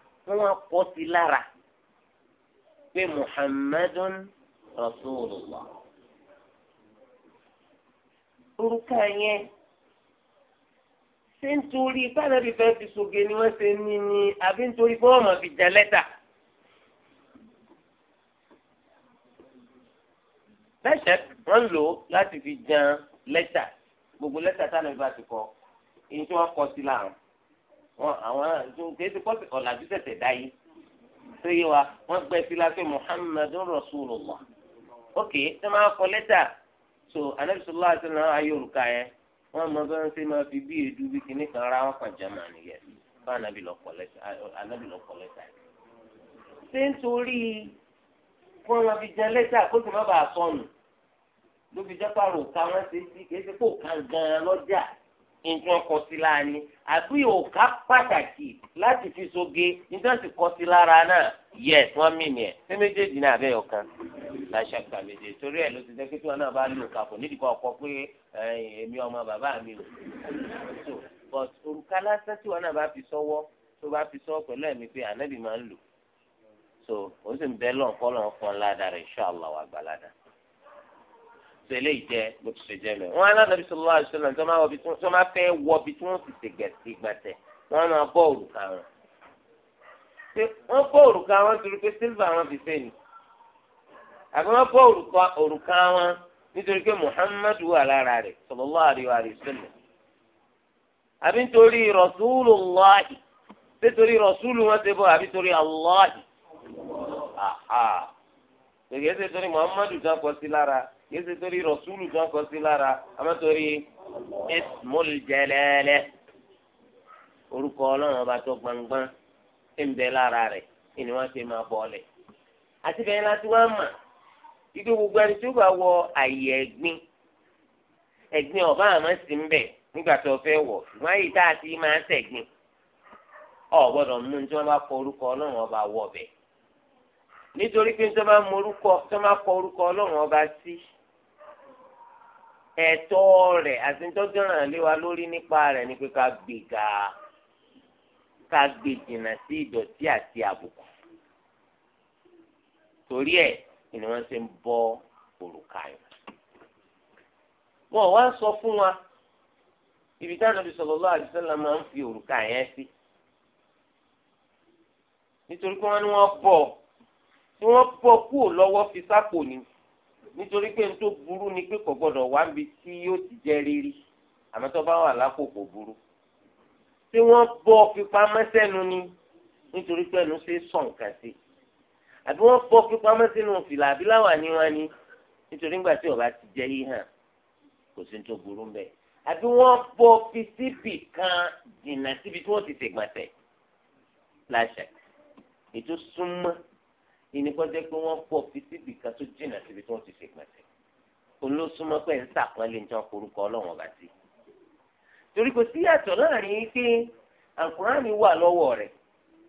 kí wọ́n pọ̀ sí lára pé muhammadun rasulullah orúkọ yẹn ṣé nítorí kánábì fẹ́ fi soge ni wọ́n ṣe ní ni àbí nítorí pé wọ́n mọ̀ fi jẹ lẹ́tà. lẹ́sẹ̀ wọ́n lò láti fi jan lẹ́tà gbogbo lẹ́tà tánábì bá ti kọ èyí tí wọ́n kọ sí láàrún wọn àwọn kéé ti kọ́ ọ̀làjú tẹ̀tẹ̀ dá yìí tó yé wa wọ́n gbẹ́ sí láti muhammadu rasulullah ok ẹ máa kọ lẹ́tà so anabi sọlá àti náà ayé òrùka yẹn wọ́n mọ bí wọ́n ṣe máa fi bí èdú bí kinní kan ra wọn kàn jẹ́mà nìyẹn fún anabi lọ kọ lẹ́tà anabi lọ kọ lẹ́tà ṣé nítorí fún wọn fi jẹ lẹ́tà kó sì má bàa sọnù ló fi jẹ́ pàrọ̀ òka wọn ṣe sí kì kó kàn gan-an lọ́jà nǹkan kọ sí láàánú àbí òkà pàtàkì láti fi soge nǹkan sì kọ sí lára náà yẹ wọn mímì ẹ ṣé méjèèjì náà abẹ́ ọ̀kan láṣà gbà méjèèjì torí ẹ ló ti jẹ́ kékeré náà bá lò kàpọ̀ nídìí kan ọkọ pé èmi ọmọ bàbá mi ò so but òrùka lásán tí wọn náà bá fi sọ́wọ́ tó bá fi sọ́wọ́ pẹ̀lú ẹ̀mí pé ànábì máa ń lò so ó sì ń bẹ́ lọ́nkọ́ lọ́n fún ọ ládàá rẹ̀ ṣọ́ tẹ̀lé ìjẹ bó ti ṣe jẹ lẹ̀. wọ́n á lánàá bí sọlá àti sọlá tó máa wọ bí tí wọ́n máa fẹ́ wọ bí tí wọ́n sì ṣe gẹ̀ẹ́sì gbàtẹ̀ wọ́n máa bọ́ òrùka wọn. ṣé wọ́n bọ́ òrùka wọn torí pé sílvà wọn fi fẹ́ ni àbí wọ́n bọ́ òrùka wọn nítorí pé Muhammadu wà lára rẹ̀ sallallahu alaihi wasallam àbí nítorí Rasulullahi nítorí Rasulu wọn ṣe bọ́ àbí torí Allahi gbèsè torí Muhammadu dákọ sí lára kìí ṣe torí rọ̀súlù tó ń kọ sí lára àmọ́ torí ismul jalala orúkọ ọlọ́run ọba tó gbangban ń bẹ lára rẹ̀ ni wọ́n ṣe máa bọ̀ọ̀lẹ̀. àti bẹ́ẹ̀ láti wá mà ike gbogbo ẹni tí ó bá wọ àyè ẹ̀gbin ẹ̀gbin ọ̀bá àmọ́ sí ń bẹ̀ nígbà tó fẹ́ wọ̀ ṣùgbọ́n àyè tá a ti máa ṣẹ̀gbin ọ̀ gbọ́dọ̀ mú ní tí wọ́n bá kọ orúkọ ọlọ́run ọba wọ̀ bẹ̀ nítorí pé tí wọ́n bá mọ orúkọ tí wọ́n bá kọ orúkọ ọlọ́run ọba sí. Si ẹ̀tọ́ rẹ̀ àti ntọ́jọ́ràn lé wa lórí nípa rẹ̀ ni pé ká gbé ga ká gbé jìnnà sí ìdọ̀tí àti àbùkù torí ẹ̀ ni wọ́n ṣe ń bọ́ òrùka yìí. wọn wá sọ fún wa ibi tí Ànábì sallallahu alaihi wasallam máa ń fi òrùka yẹn sí nítorí pé wọ́n ní wọ́n bọ̀ tí wọ́n bọ̀ kúò lọ́wọ́ fi sápò ní nítorí pé n tó burú ni pé kò gbọdọ̀ wá níbi tí yóò ti jẹ́ rírí àmọ́ tó bá wà lákòókò burú tí wọ́n bọ́ fipamọ́ ni nítorí pé ẹnu ṣe sàn kàn sí àbí wọ́n bọ́ fipamọ́ fìlà àbí láwà ni wọ́n ni nítorí ńgbà tí ọba ti jẹ́ yìí hàn kò sí tó burú mbẹ àbí wọ́n bọ́ fi síbì kan jìnnà síbi tí wọ́n ti ṣègbọ̀nsẹ̀ láṣà ètò súnmọ́ ìníkọ́jẹ́ pé wọ́n pọ̀ fi síbi kan tó jìnnà síbi tí wọ́n ti ṣègbọ̀nsẹ̀ olóṣùmọ́ pé ń sàpọ́nlé ní wọn korúkọ ọlọ́wọ́n bá ti. torí kò sí yàtọ̀ láàrin pé àǹkùránì wà lọ́wọ́ rẹ̀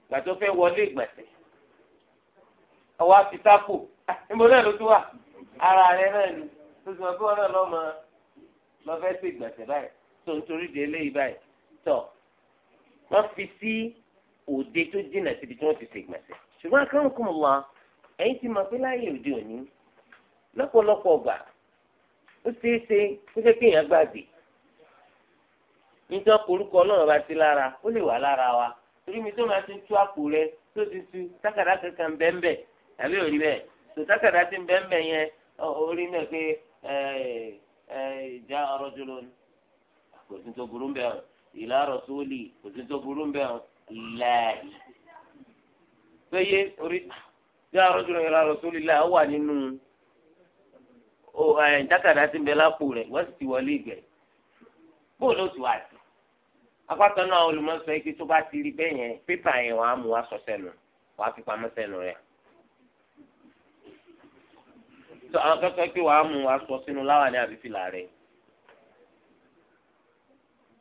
gbàtọ́ fẹ́ wọlé ìgbọ̀nsẹ̀ àwa fi sápò níbo náà ló tún wà ara rẹ̀ náà ni tó ti mọ̀ pé wọn náà lọ́mọ lọ́fẹ́ sí ìgbọ̀nsẹ̀ báyìí tó ń torí de eléyìí báyìí tọ̀ wọ́n fi sí òde tó jìnnà síbi tí wọ́n ti ṣègbọ̀nsẹ̀ ṣùgbọ́n akẹ́wọ̀n kùn ẹ̀yin ti mọ̀ pé láyé òde òní lọ́pọ̀lọpọ̀ ọgbà ó ṣeé ṣe kó kí èèyàn gbàgbé nítorí orúkọ ọlọ́run bá ti lára ó lè wà lára wa torí mi tó máa ti tú àpò rẹ tó ti tu tákàdá kankan bẹ́ẹ̀nbẹ́ àbí òrí bẹ́ẹ̀ tó tákàdá ti ń bẹ́ẹ̀nbẹ́ yẹn orí náà pé ìjà ọ̀rọ̀ jùlọ kò sí tó burú bẹ́ẹ̀ ìlà ọ̀rọ̀ sóòlì kò sí tó burú bẹ́ẹ̀ láàyè péye orí jẹ́ àròjù ìlà rọ̀sùlì là ó wà nínú jákàdá tí ń bẹ lápò rẹ̀ wọ́n sì ti wọlé ìgbẹ́ bóòlù ó ti wà sí apákan náà olùmọ̀sọ ike tó bá ti rí bẹ́ẹ̀ yẹn pépà yẹn wàá mú wa sọ sẹ́nu wàá fi pamọ́ sẹ́nu rẹ̀ tó àwọn akẹ́kọ̀ọ́ pé wàá mú wa sọ sínú láwà ní àbí fìlà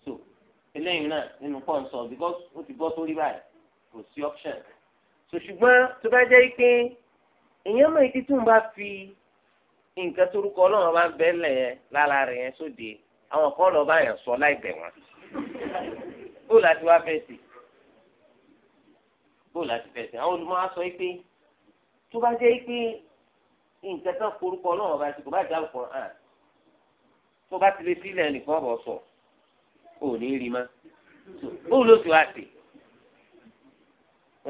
so eléyìí náà nínú pọ́ǹsọ̀ because ó ti bọ́ sórí báyìí kò sí option ṣùgbọ́n tó bá jẹ́ pé èèyàn mọ̀ ètí tó ń bá fi nǹkan torúkọ ọlọ́run bá ń bẹ́ lẹ̀ yẹn lára rẹ̀ yẹn sóde àwọn kan lọ bá yàn sọ láì bẹ̀ wọ́n bó láti wá fẹ́ sí bó láti fẹ́ sí àwọn olùmọ̀ á sọ pé tó bá jẹ́ pé nǹkan tó forúkọ ọlọ́run bá ti kò bá dáhùn kan hàn tó bá ti lé sílẹ̀ nìkan bọ̀ sọ ò ní rí ma bó ló ti wá sí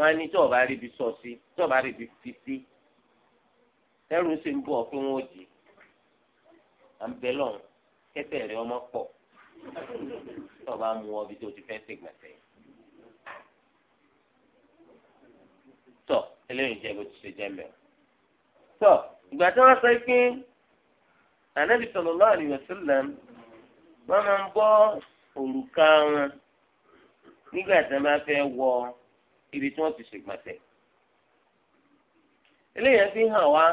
wọn á ní tí ọba rí ibi sọ sí tí ọba rí ibi fi sí ẹrù sì ń bọ̀ pé wọn ò jì à ń bẹ lọ́run kẹsẹ̀ rẹ ọmọ pọ̀ tí ọba mú ọ bí tó ti fẹ́ ṣègbàsẹ́ tọ eléyìí jẹ bó ti ṣe jẹ mẹ tọ ìgbà tí wọn sọ pé ànábì sallallahu alaihi wasallam wọn máa ń bọ́ òrùka wọn nígbà tí wọn bá fẹ́ wọ ibi tí wọ́n ti ṣègbọ̀nsẹ̀. eléyìí fi hàn wá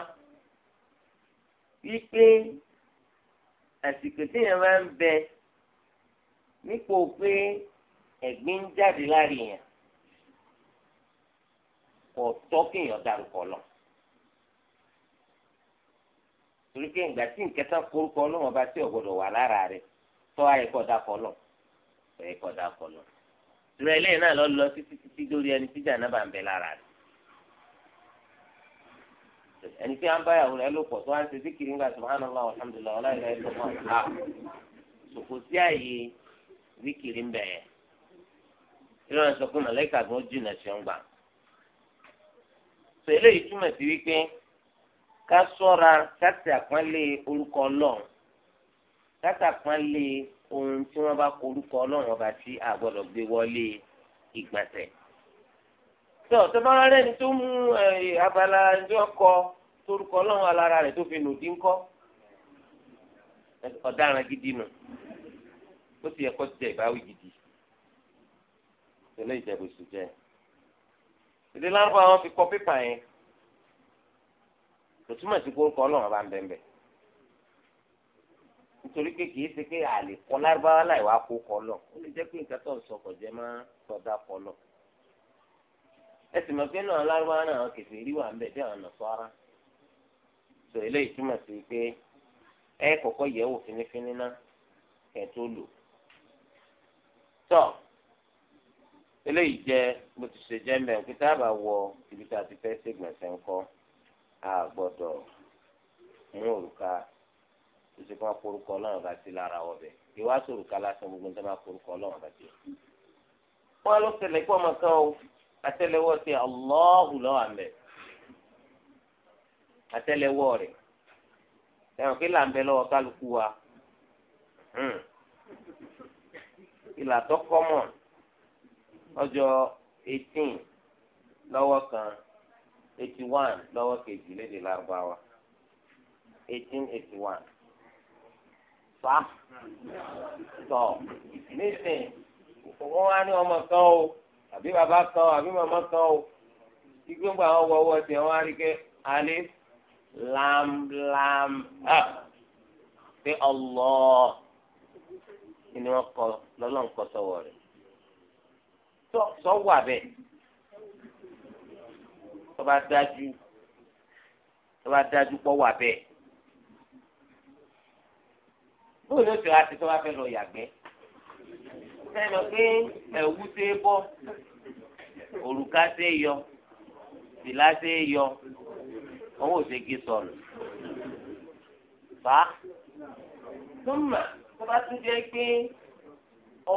wípé àsìkò tí yẹn máa ń bẹ nípò pé ẹ̀gbin ń jáde lára èèyàn kò tọ́ kéèyàn dárúkọ lọ. torí pé ìgbà tí nkẹta korúkọ ọlọ́mọba tí ò gbọdọ̀ wà lára rẹ̀ tọ́ àyẹ̀kọ́ dákọ̀ lọ ẹ̀kọ́ dákọ̀ lọ ìrọ̀ eléyìí náà lọ lọ títí títí lórí ẹni tí jàǹdàbà ń bẹ lára rẹ̀ ẹni tí wọn bá yàwó rẹ̀ ló pọ̀ tó wá ń ṣe síkìrì ńgbà subhanallah alhamdulillah wala ilaha illallah ha sòkò sí àyè síkìrì ń bẹ yẹn ìrọ̀ sọ pé màlẹ́kà gan jìnnà ṣe ń gbà sọ eléyìí túmọ̀ sí wípé ká sọ́ra ká ti àpọ́nlé orúkọ ọlọ́run ká ti àpọ́nlé ohun tí wọ́n bá korúkọ ọlọ́run ọba tí a gbọ́dọ̀ gbé wọlé ìgbàsẹ̀. tó tó bá rárẹ̀ ni tó mú abala ẹjọ́ kọ torúkọ ọlọ́run alára rẹ̀ tó fi nù dín kọ́ ọ̀daràn gidi nù ó ti yẹ kó tẹ ìbáwí gidi tẹlẹ ìjẹ́bùsùn jẹ́ ìdílé arúgbó àwọn fi kọ pépà yẹn kò túmọ̀ sí korúkọ ọlọ́run ọba ń bẹ́ẹ̀ bẹ́ẹ̀ nítorí pé kìí ṣe pé àlè kọ lárúbáwá láì wá kó kọ lọ ó lè jẹ́ pé nǹkan tó ń sọ kò jẹ́ máa sọdá kọ lọ. ẹ sì mọ̀ pé náà lárúbáwá náà àwọn kèsì rí wà ń bẹ̀ bí àwọn nà sọ́ra. sọ eléyìí túmọ̀ sí pé ẹ kọ́kọ́ yẹ̀ wò fínífíní ná kẹ́ tó lò. tọ́ eléyìí jẹ́ bó ti ṣe jẹ́ mẹ́rin pé tá wọ ibi tá a ti fẹ́ ṣègbọ̀nsẹ̀ ńkọ́ a mú òrùka tó ti fún aforúkọ ọlọ́run bá sí lára ọbẹ̀ ìwà sòrùka lásán gbogbo níta bá forúkọ ọlọ́run bá sí. wọn ló ṣẹlẹ̀ pé ọmọ kan o àtẹ́lẹwọ́ ti Allahu lọ́wọ́ àmẹ àtẹ́lẹwọ́ rẹ̀ ẹ̀wọ̀n kí là ń bẹ lọ́wọ́ kálukú wa hmm. ìlà tó kọ́mọ̀ eighteen lọ́wọ́ kan eighty one lọ́wọ́ kejì lédè lárúbáwá eighteen eighty one fa tọ̀ nísìn wọ́n wá ní ọmọ kan o àbí bàbá kan àbí màmá kan o igbó gba àwọn wọ́wọ́ tiẹ̀ wọ́n á rí kẹ́ alif lam lam ha pé Allah ni wọ́n kọ lọ́lọ́run kọ sọ́wọ́ rẹ̀ sọ́wọ́ abẹ́ tọ́ba dájú tọ́ba dájú pọ̀ wà bẹ́ẹ̀ bóyá ló ti wá ti tó wá fẹ́ lọ yàgbẹ́ sẹ́yìn lọ pé ẹ̀wú ṣe é bọ́ òrùka ṣe é yọ tìlá ṣe é yọ owó ṣègi sọ̀rọ̀ fa túmọ̀ tó bá tún jẹ́ pé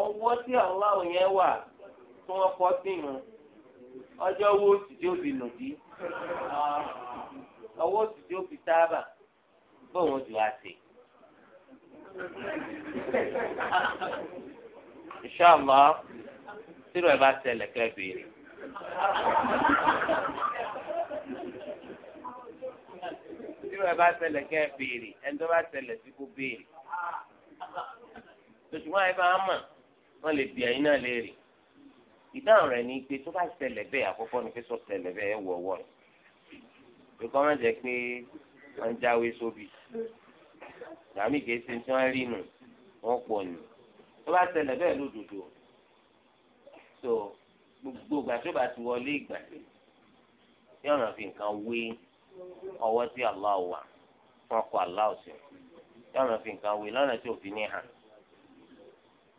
ọwọ́ tí àwọn àwọn yẹn wà tí wọ́n kọ́ sínú ọjọ́ owó oṣù tí ó fi nù dí ọwọ́ oṣù tí ó fi sábà bóun ó ti wá ṣe. Inshallah tírò ẹ bá ṣẹlẹ̀ kẹ́ béèrè. tírò ẹ bá ṣẹlẹ̀ kẹ́ béèrè ẹni tó bá ṣẹlẹ̀ sí kó béèrè. tòṣùwọ́n ẹ bá mọ̀ wọ́n lè bí ẹ̀yin náà léèrè. ìdáhùn rẹ̀ ni pé tó bá ṣẹlẹ̀ bẹ́ẹ̀ àkọ́kọ́ ni pé sọ ṣẹlẹ̀ bẹ́ẹ̀ wọ̀ rẹ̀. ìkọ́ pé wọ́n jáwé sóbì ìdààmú ìgbésí tí wọ́n rí nù wọ́n pọ̀ nù tó bá tẹlẹ̀ bẹ́ẹ̀ lódodo so gbogbo ìgbà tó bá ti wọlé ìgbà tí ọ̀nà fi nǹkan wé ọwọ́ tí Allah wà fún ọkọ̀ Allah sí tí ọ̀nà fi nǹkan wé lọ́nà tí òfin ní hàn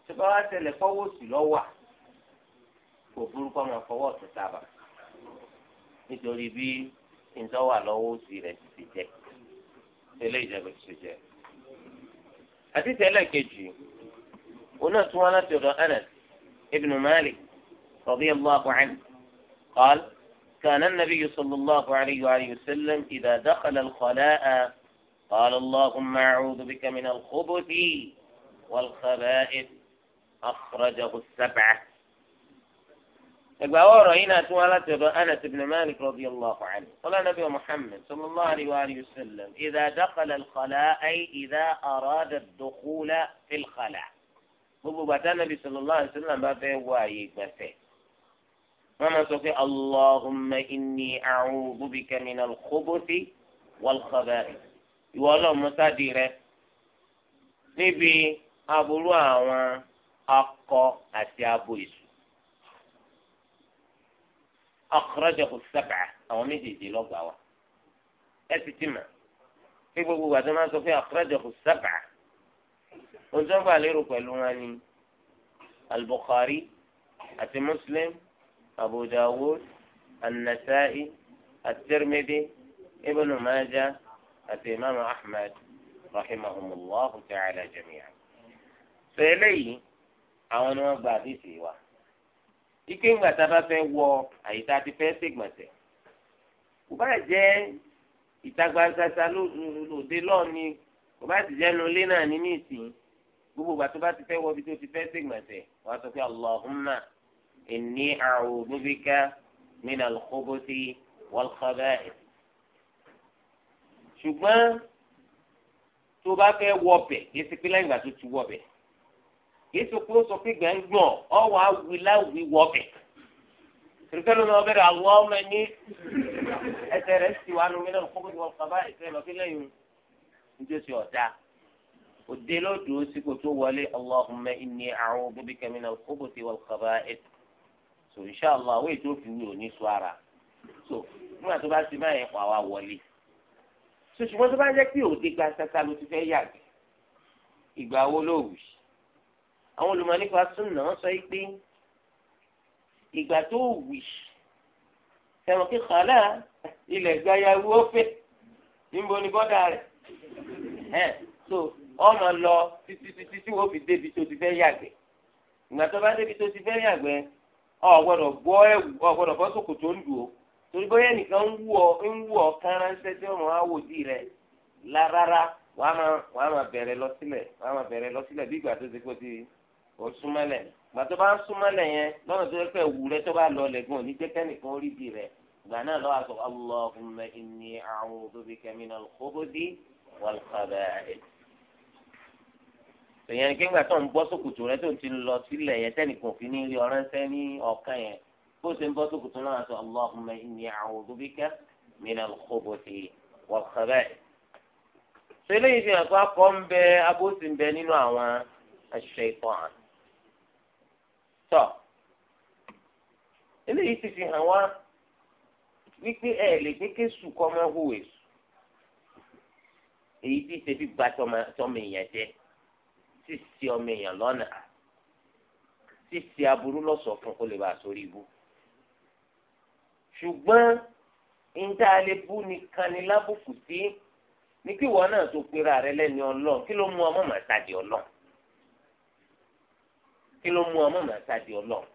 tó bá wá tẹlẹ̀ fọwọ́ sí lọ́wọ́ kò burúkọ máa fọwọ́ ọ̀tún sábà nítorí bí ìtọ́wà lọ́wọ́ sí rẹ̀ ti ti jẹ́ tẹ́lẹ̀ ìjẹ́bù ti ti jẹ́. حديث إلا كيجي هنا سوالة أنس ابن مالك رضي الله عنه قال كان النبي صلى الله عليه وآله وسلم إذا دخل الخلاء قال اللهم أعوذ بك من الخبث والخبائث أخرجه السبعة ẹgbàá ọ̀rọ̀ yìí náà tún wá láti ọ̀dọ̀ Anas ibn Malik radiyallahu anhu qala nabi Muhammad sallallahu alayhi wa alihi wa sallam idha dakhala al-khala' ay idha arada ad-dukhula fi al-khala' gbogbo bàtà nàbì sallallahu alayhi wa sallam bá fẹ́ wọ àyè ìgbàfẹ́ wọn máa sọ pé allahumma inni a'udhu bika min al-khubuthi wal-khaba'ith ìwọ ọlọmọsáàdì rẹ níbi aburú àwọn akọ àti abo ìsú akhrajahu as-sab'a àwọn méjèèjì lọ́gbà wa ẹ ti ti mà pé gbogbo wa tó máa sọ pé akhrajahu as-sab'a ohun tó ń gbà lérò pẹ̀lú wọn ni al-Bukhari àti Muslim Abu Dawud an Ibn Majah àti Imam Ahmad rahimahumullahu ta'ala jami'an. sọ eléyìí àwọn ni wọ́n gba àdìsí wa ike ńgbà tá a bá fẹ́ wọ àyíká ti fẹ́ ṣègbọ̀nsẹ̀ kò bá jẹ́ ìta gbansasa lòdì lọ́ọ̀ni kò bá sì jẹ́ nu ilé náà ní nísìnyí gbogbo ìgbà tó bá ti fẹ́ wọ ibi tó ti fẹ́ ṣègbọ̀nsẹ̀ wàá sọ pé allahumma inni a'udhu bika min al-khubuthi wal-khaba'ith ṣùgbọ́n tó bá fẹ́ wọ ọbẹ̀ kí ìgbà tó ti wọ ọbẹ̀ kìí sọ pé ó sọ pé gbẹ̀ngbọ̀n ọwọ́ awi láwi wọ̀bẹ̀ tìrìkẹ́ ló ní ọbẹ̀ rẹ̀ àwọn ọmọ ẹni ẹsẹ̀ rẹ̀ sì wà lómi náà kókó tí wọ́n kaba ẹsẹ̀ lọ sí lẹ́yìn nítorí ọ̀dà òde lọ́dọ̀ ó sì kò tó wọlé allahumma inni a'udhu bika min al-khubuthi wal khaba'ith so inshallah àwọn ètò òfin mi ò ní sọ ara so nígbà tó bá ti máa yẹn pa wọlé so ṣùgbọ́n tó bá jẹ́ pé òde gba sasa ló ti fẹ́ yàgbé ìgbà wo ló wù sí àwọn olùmọ̀ nípa súnà wọ́n sọ pé ìgbà tó wì ẹ̀wọ̀n kí kàlá ilẹ̀ gbayawu ó fẹ́ níbo ni bọ́dà rẹ̀ ẹ̀ so ọmọ lọ títí títí tí wọ́n fi débi tó ti fẹ́ yàgbẹ́ ìgbà tó bá débi tó ti fẹ́ yàgbẹ́ ọ gbọ́dọ̀ gbọ́ ẹ̀wù ọ gbọ́dọ̀ bọ́ sòkòtò ń dùn ó torí bóyá nìkan ń wú ọ ń wú ọ kán ránṣẹ́ tí ọmọ wa wò di rẹ̀ la rárá wàá máa wàá máa bẹ̀rẹ̀ lọ sílẹ̀ wàá máa bẹ̀rẹ̀ lọ sílẹ̀ bí ìgbà tó ti kó ti ó súnmọ́lẹ̀ ìgbà tó bá ń súnmọ́lẹ̀ yẹn lọ́nà tó yẹ pé wù rẹ tó bá lọ lẹ́gùn òní jẹ́ kẹ́nìkan ó rí di rẹ̀ ìgbà náà lọ́wọ́ àṣọ allahumma inni a'udhu bika minal khubuthi wal khaba'ith. èèyàn ní kéńgbà tó ń bọ́ sókòtò rẹ tó ti lọ sílẹ̀ yẹn tẹ́nìkan òfin ní rí ọ̀rẹ́nsẹ́ ní ọ̀kan yẹn bó ṣe ń bọ́ sókòtò náà àṣọ allahumma inni tọ́ eléyìí ti fi hàn wá wípé ẹ lè gbé kéṣù kọ́ máa hùwẹ̀ sùn èyí tí ṣe fi gba tọmọ èèyàn jẹ ṣíṣe ọmọ èèyàn lọ́nà ṣíṣe aburú lọ́sọ̀ọ́ fún kó lè bá sórí ibú ṣùgbọ́n níta lè bú ni kani lábùkù sí ní kí ìwọ náà tó pera rẹ lẹ́ni ọlọ́ọ̀ kí ló mú ọmọ màá sáde ọlọ́ọ̀ kí ló mú ọmọ màá sá di ọlọ́run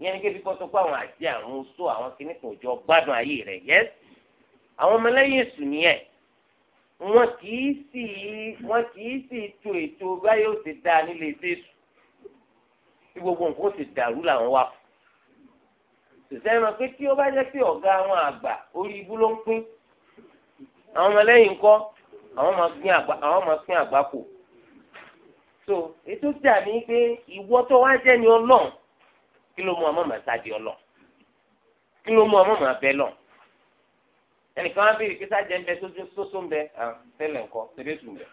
ìyẹn ní kébi kọ́ tó kó àwọn àti àrùn oṣó àwọn kìnnì kan òjò gbádùn ayé rẹ̀ yẹn àwọn ọmọlẹ́yìn èṣù nìyẹn wọn kì í sì wọn kì í sì to ètò báyọ̀ ó ti dáa nílé iṣẹ́ èṣù tí gbogbo nǹkan ó ti dàrú làwọn wà fún sẹ́yìn máa pé tí ó bá jẹ́ pé ọ̀gá àwọn àgbà orí ibú ló ń pín àwọn ọmọlẹ́yìn kọ́ àwọn máa pín àgbà kù so ètò dà ní pé ìwọ tó wá jẹ́ ni ọlọ́run kí ló mú ọmọ màá sáà di ọlọ́run kí ló mú ọmọ màá bẹ lọ́run ẹnìkan á béèrè pé sáàjẹ́ ń bẹ sóso ń bẹ tẹ́lẹ̀ ńkọ tẹ́lẹ̀ tù ń bẹ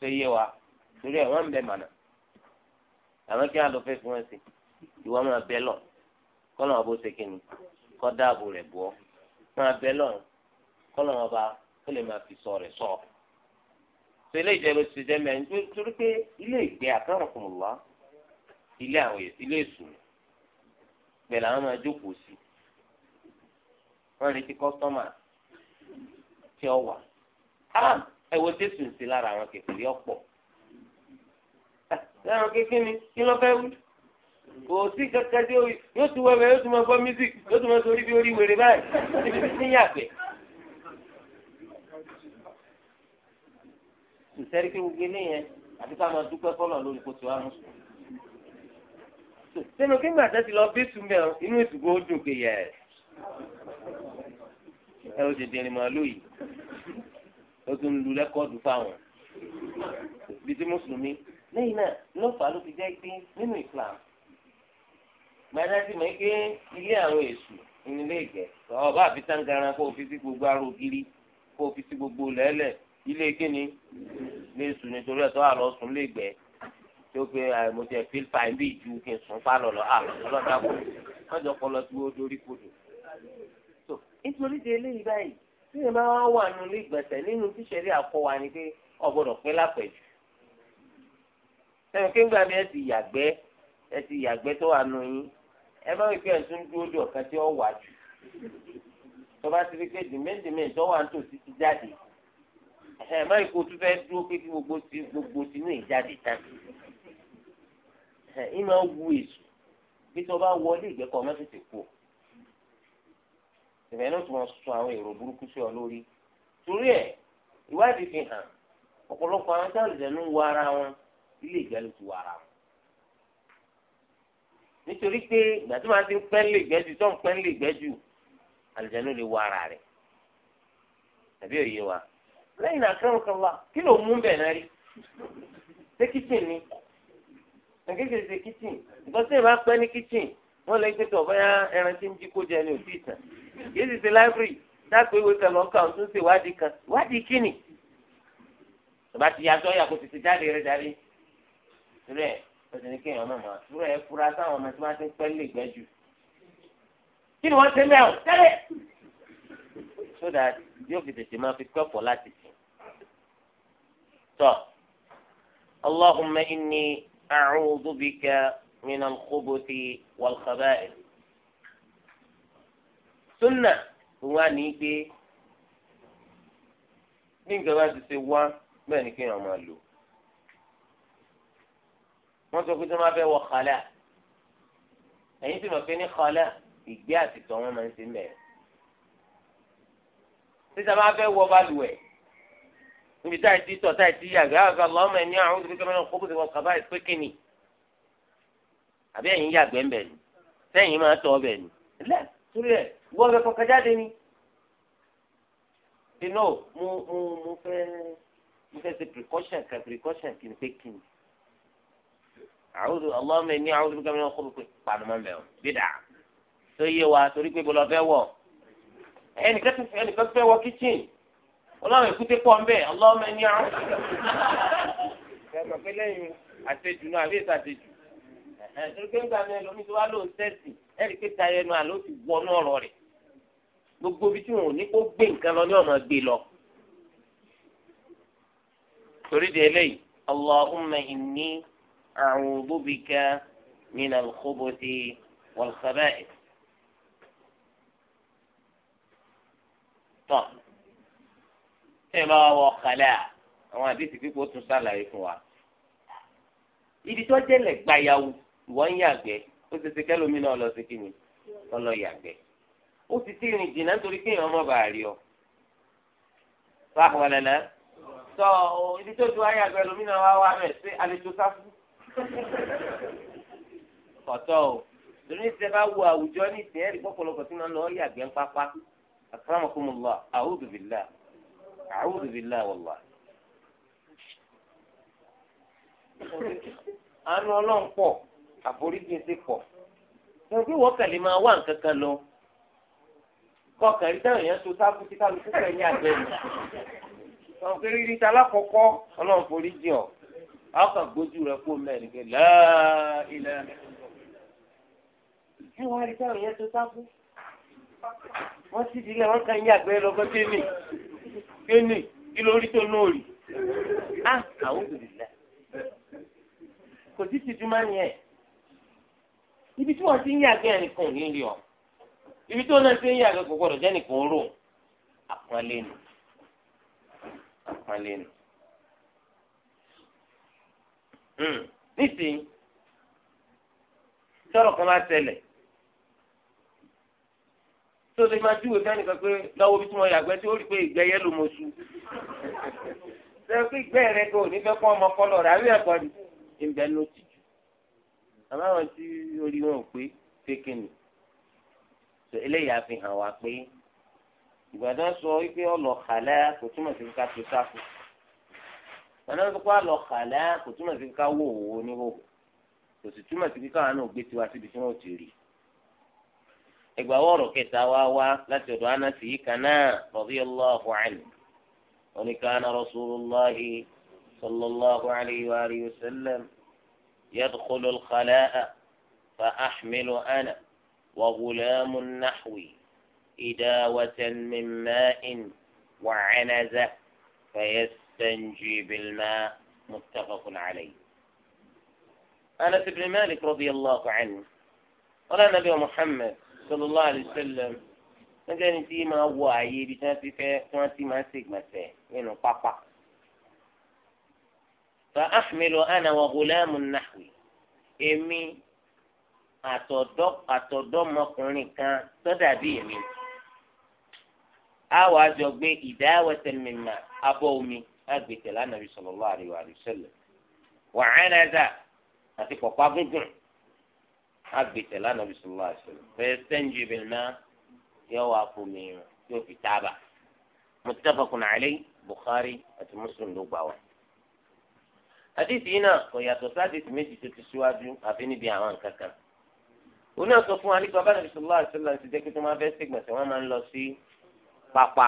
tó yé wa torí ẹ̀ wọ́n ń bẹ mànà àwọn kí wọ́n lọ fẹ́ fi wọ́n sí ìwọ máa bẹ lọ kọ́nà ọ̀bọ ṣe kí ni kọ́ dáàbò rẹ̀ bọ́ máa bẹ lọ kọ́nà ọba ó lè máa fi sọ rẹ̀ sọ ọ́ tẹ́lẹ̀ ìjẹ ló ti jẹ mẹ́rin torí pé ilé ìgbé àtọrọkùnlá ilé àwọn ilé ìsùn pẹ̀lú àwọn máa jókòó sí wọn retí kọsítọmà tí ó wà ah! ẹ wo tẹsùn sí lára àwọn kékeré ọ̀pọ̀ ah! láwọn kékeré ni kí ló fẹ́ wí kò sí kankan tí ó yóò tún wẹwẹ yóò tún máa gbọ́ mísíkì yóò tún máa sọ orí bí orí wèrè báyìí níbi tí ń yàgbẹ́. ìsẹ́rí pé gbogbo ilé yẹn àti ká máa dúpẹ́ fọlọ́ lórí kó ti wá mùsùlùmí. sínú kíngà tẹ́ ti lọ bí túmẹ̀ inú ìdúgbò ó dùn pé yẹ ẹ ò dèdè rìn màálù yìí ó tún lu rẹ́kọ́ọ̀dù fáwọn bí ti mùsùlùmí lẹ́yìn náà lọ́fà ló fi jẹ́ pé nínú Islam gbadasi mọ̀ ike ilé àwọn èṣù nílé ìgẹ̀ ọba àfi tàǹgàrà kó o fi sí gbogbo aró gírí kó o fi sí gbogbo lẹ́lẹ̀ ilé gini lè sùn nítorí sùn lè ju kí n sùn lọ àlọ́ ọlọ́dà kù wọ́n jọ lọ sí owó kodò. nítorí di eléyìí báyìí tí èèyàn bá wá wà nínú ilé nínú tíṣẹ̀rí àkọwà ni pé ọ̀gbọ́dọ̀ pé lápẹ̀jù. sẹ́yìn kéńgbà mi ẹ ti yàgbẹ́ ẹ ti yàgbẹ́ tó wà nù yín ẹ bá wípé ẹ̀ tún dúró dùn ọ̀kan tí wà jù. tó bá ti rí ẹ má ikú tún fẹ́ dúró pé kí gbogbo ti gbogbo ti ní ìjáde tán ẹ ìmọ̀ wu èso bí tó bá wọlé ìgbẹ́kọ̀ ọmọ tètè kú ọ ìbẹ̀rẹ̀ náà tún wọn sọ àwọn èrò burúkú sí ọ lórí torí ẹ ìwádìí fi hàn ọ̀pọ̀lọpọ̀ àwọn táwọn ń wá ara wọn ilé ìgbẹ́ ló ti wá ara wọn nítorí pé ìgbà tí màá ti ń pẹ́ lè gbẹ́ ju tó ń pẹ́ lè gbẹ́ ju àlùjànnú lè wá ara rẹ̀ àbí òye wa lẹ́yìn náà kẹrù kan wà kí ló mú bẹ́ẹ̀ náà rí ṣé kíchìn ni kékeré ṣe kíchìn nǹkan tí ìbá pẹ́ ní kíchìn wọ́n lè gbé tọ̀ bóyá ẹran tí ń jí kó jẹ ní òtí ìtàn yìí sì ṣe láìbírì dápẹ́ ìwé kan lọ́kà ọ̀tún ṣe wádìí kan wádìí kíni ìbá ti yàtọ̀ yà kó tètè jáde rẹ̀ darí rẹ̀ ọ̀sẹ̀ ní kéèyàn náà máa túrọ̀ fura sáwọn ọmọ tí wọ́n ti pẹ́ lè gbẹ́ jù kí ni wọ́n ṣe mẹ́ọ̀ tẹ́lẹ̀ sódà yóò fi tètè máa fi kọ́ pọ̀ láti tọ́ اللهم إني أعوذ بك من الخبث والخبائث sunna wa ní pé ní nǹkan bá ti ṣe wá bẹ́ẹ̀ ni kéèyàn máa lò wọ́n sọ pé tí wọ́n bá fẹ́ wọ khalá ẹ̀yin sì mọ̀ pé ní khalá ìgbé àtìtọ̀ wọn máa ń ṣe mẹ́ẹ̀ títa bá fẹ́ wọ balùwẹ̀ níbi táyì tí tọ̀ táyì tí yàgbé àgbà lọ́mọ ẹni àwọn olùdókè kẹ́mẹ́rin náà kókó ti wọ kaba ìpé kìnnì àbí ẹ̀yin yàgbẹ́ ń bẹ̀ ni sẹ́yìn máa tọ̀ ọbẹ̀ ni lẹ́ torí ẹ̀ wọ́n fẹ́ kọ́kọ́ jáde ni. ṣe náà mo mo mo fẹ́ mo fẹ́ ṣe precaution kan precaution kìnnì pé kìnnì àwùjọ ọlọ́mọ ẹni àwọn olùdókè kẹ́mẹ́rin náà kókó pé pàdé máa ń bẹ̀ wọn bídà tó yé wa torí pé bọ́lá fẹ́ wọ̀ ẹnìkan ọlọ́run èkúté pọ̀ ń bẹ̀ ọlọ́run ẹni àrùn. ìyàgbọ́ pé lẹ́yìn àtẹjù náà àbí ìsàtẹjù ẹ̀ẹ́dẹ́gbẹ́gbà mi lómi tó wá lóun tẹ́sì ẹ̀rí pé ta ẹnu àlọ́ ti wọnú ọ̀rọ̀ rẹ̀ gbogbo ibi tí wọn ò ní kó gbé nǹkan lọ ní ọ̀nà gbé lọ ẹ bá wọ kàlẹ́ à àwọn àdìsí pípọ̀ tún sàlàyé fún wa. ibi tó jẹ́lẹ̀ gbayawu ìwọ ń yàgbẹ́ ó ti ti kẹ́lómi náà lọ sí kíni ọlọ yàgbẹ́ ó ti ti rìn jìnnà nítorí kéèyàn ọmọ bàá rí ọ. fáwọn ẹ̀nà sọ ibi tó tún ayàgbẹ́ lómi náà wá wá mẹ́ sí àlejò sáfù. kọ̀tọ́ o lórí ìṣe bá wo àwùjọ ní ìsìn ẹ̀rí pọ̀pọ̀lọpọ̀ tí wọ́n yàgbẹ́ ń pápá àkàràmọ̀kùnmọ̀ lọ àwùjọ bìlá wàlá. àánú ọlọ́run pọ̀ àforíjì sí pọ̀ ẹgbẹ́ wọ́n kàn máa wá nǹkan kan lọ kọkàn rí táwọn èèyàn tó sáfù tí kálukú pẹ̀ ní àgbẹ̀yìn wọn pé rírí ta lákọ̀ọ́kọ́ ọlọ́run gbójú rẹ̀ kó mẹ́rin wọ́n rí tó sáfù wọ́n kí ni kí lórí tó náà rí á ah, àwọn òbí lẹ kò sí tìtú máa ń yẹ ibi tí wọn ti ń yàgbẹ́ ẹnìkan ò ní rí ọ ibi tó náà ti ń yàgbẹ́ kò gbọdọ̀ jẹ́nìkan ó rò àpọ́nlé nu àpọ́nlé nu hmm. nísìnyí sọ̀rọ̀ kan bá ṣẹlẹ̀ tó lè máa júwèé fẹ́nìkan pé lọ́wọ́ bí tí mo yàgbẹ́ tí ó rí pé ìgbẹ́ yẹ́lò mo su. ṣé pé ìgbẹ́ rẹ kò ní fẹ́ kó ọmọ kọ́lọ̀ rẹ̀ àbí ẹ̀kọ́ ni ìgbẹ́ ló ti jù. àmọ́ àwọn tí orí wọn ò pé pékin ni. eléyìí àfihàn wa pé ìgbàdàn sọ wípé ọlọ́kàlẹ́ kò túmọ̀ sí ká tó sáfù. ìgbàdàn sọ pé ọlọ́kàlẹ́ kò túmọ̀ sí ká wò wò níwò kò sì túmọ̀ sí ká àwọn náà gbé tiwa síbi tí wọ́n ti rí ìgbà wọ́ọ̀rọ̀ kẹta wá wá láti ọ̀dọ̀ anasi yìí kan náà rọ̀bí radiyallahu anhu oníkanna rasulullahi sallallahu alayhi wa alayhi wa sallam yadkhulu al-khala'a fa ahmilu ana wa ghulamun nahwi idawatan min ma'in wa 'anaza fayastanji bil ma' muttafaqun alayhi. anas ibn malik radiyallahu anhu wala nabi muhammad. sallallahu alaihi wasallam wọ́n jẹ́ ní tí máa wọ ààyè ibi tí wọ́n ti fẹ́ tí wọ́n ti máa ń ṣègbọ̀nsẹ̀ nínú pápá. fa ahmilu ana wa ghulamu nahwi èmi àtọ̀dọ́mọkùnrin kan tó dàbí èmi àwọn àjọ gbé ìdáwẹ́sẹ̀ mímà abọ́ omi àgbètẹ̀ lánàá bí sallallahu alaihi dà àti pọ̀pá gígùn agbèsè lánàá bisimilá àṣẹlẹ fẹẹ sẹńjì ìbẹ̀rẹ̀ náà yóò wá fún mi yóò fi tábà muttafaqun alayhi bukhari àti muslim ló gbà wá. àdìsí yìí náà kò yàtọ̀ sáàdìsí méjì tó ti síwájú àfi níbi àwọn nǹkan kan. òun náà sọ fún wa nípa bá nàbìsí allah àṣẹlẹ àti jẹ́ tó máa fẹ́ ṣègbọ̀nsẹ̀ wọ́n máa ń lọ sí pápá.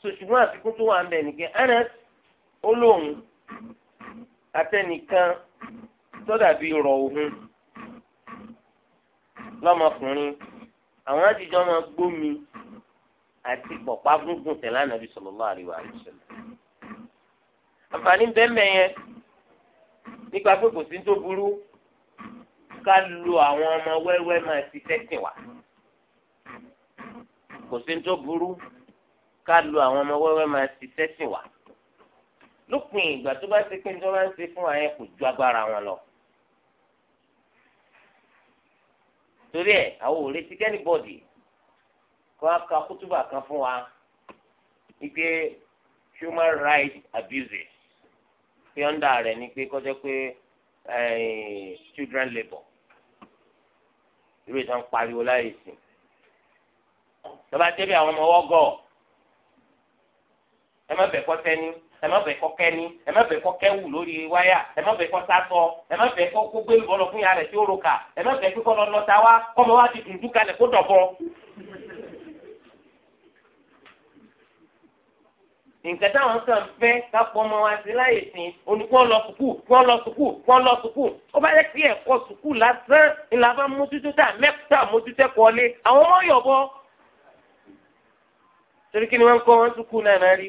sòṣùgbọ́n àfikún tó wà ń bẹ̀ nìkẹ́ anas olóhùn atẹnìkan tó dàbí rọ òhun lọ́mọkùnrin àwọn àtijọ́ máa gbómi àti pọ̀pá gúngùn tẹ̀lé ànábi sallallahu alaihi wasallam. àǹfààní bẹ́ẹ̀ yẹn nípa pé kò sí tó burú ká lo àwọn ọmọ wẹ́wẹ́ máa ti tẹ́sìn wá. kò sí tó burú ká lo àwọn ọmọ wẹ́wẹ́ máa ti tẹ́sìn wá. lópin ìgbà tó bá ṣe pé ń tọ́ bá ń ṣe fún wa yẹn kò ju agbára wọn lọ. torí ẹ̀ àwọn ò retí kẹ́nìbọ̀dì kó a ka kútùbà kan fún wa wípé human rights abuses pé ọ̀ndà rẹ̀ ni pé kọjá pé eh, children labour irú ìtàn pariwo láyé sí tọ́ba tẹ́bi àwọn ọmọ ọwọ́ gọ̀ ẹ má bẹ̀ kọ́ sẹ́ni ẹ má fẹ́ kọ́kẹ́ ní ẹ má fẹ́ kọ́kẹ́ wù lórí wáyà ẹ má fẹ́ kọ́ sásọ ẹ má fẹ́ kọ́ kó gbé lùbọ́lọ̀ fún ya rẹ̀ tí ó ro kà ẹ má fẹ́ kíkọ́ lọ lọ́ta wá kọ́mọ wá ti dùndú kalẹ̀ kó dọ̀bọ. nǹkan táwọn kan fẹ́ ká pọ̀ ọmọ wa sí láyè sí olùkọ́ lọ sùkúù kọ́ lọ sùkúù kọ́ lọ sùkúù ó bá yẹ kí ẹ̀kọ́ sùkúù lásán ìlà bá mójútó tà mẹ́ta mójútó kọ́lé àwọn ọmọ yọ̀bọ. torí kí ni wọ́n ń kọ́ wọn sùkúù náà náà rí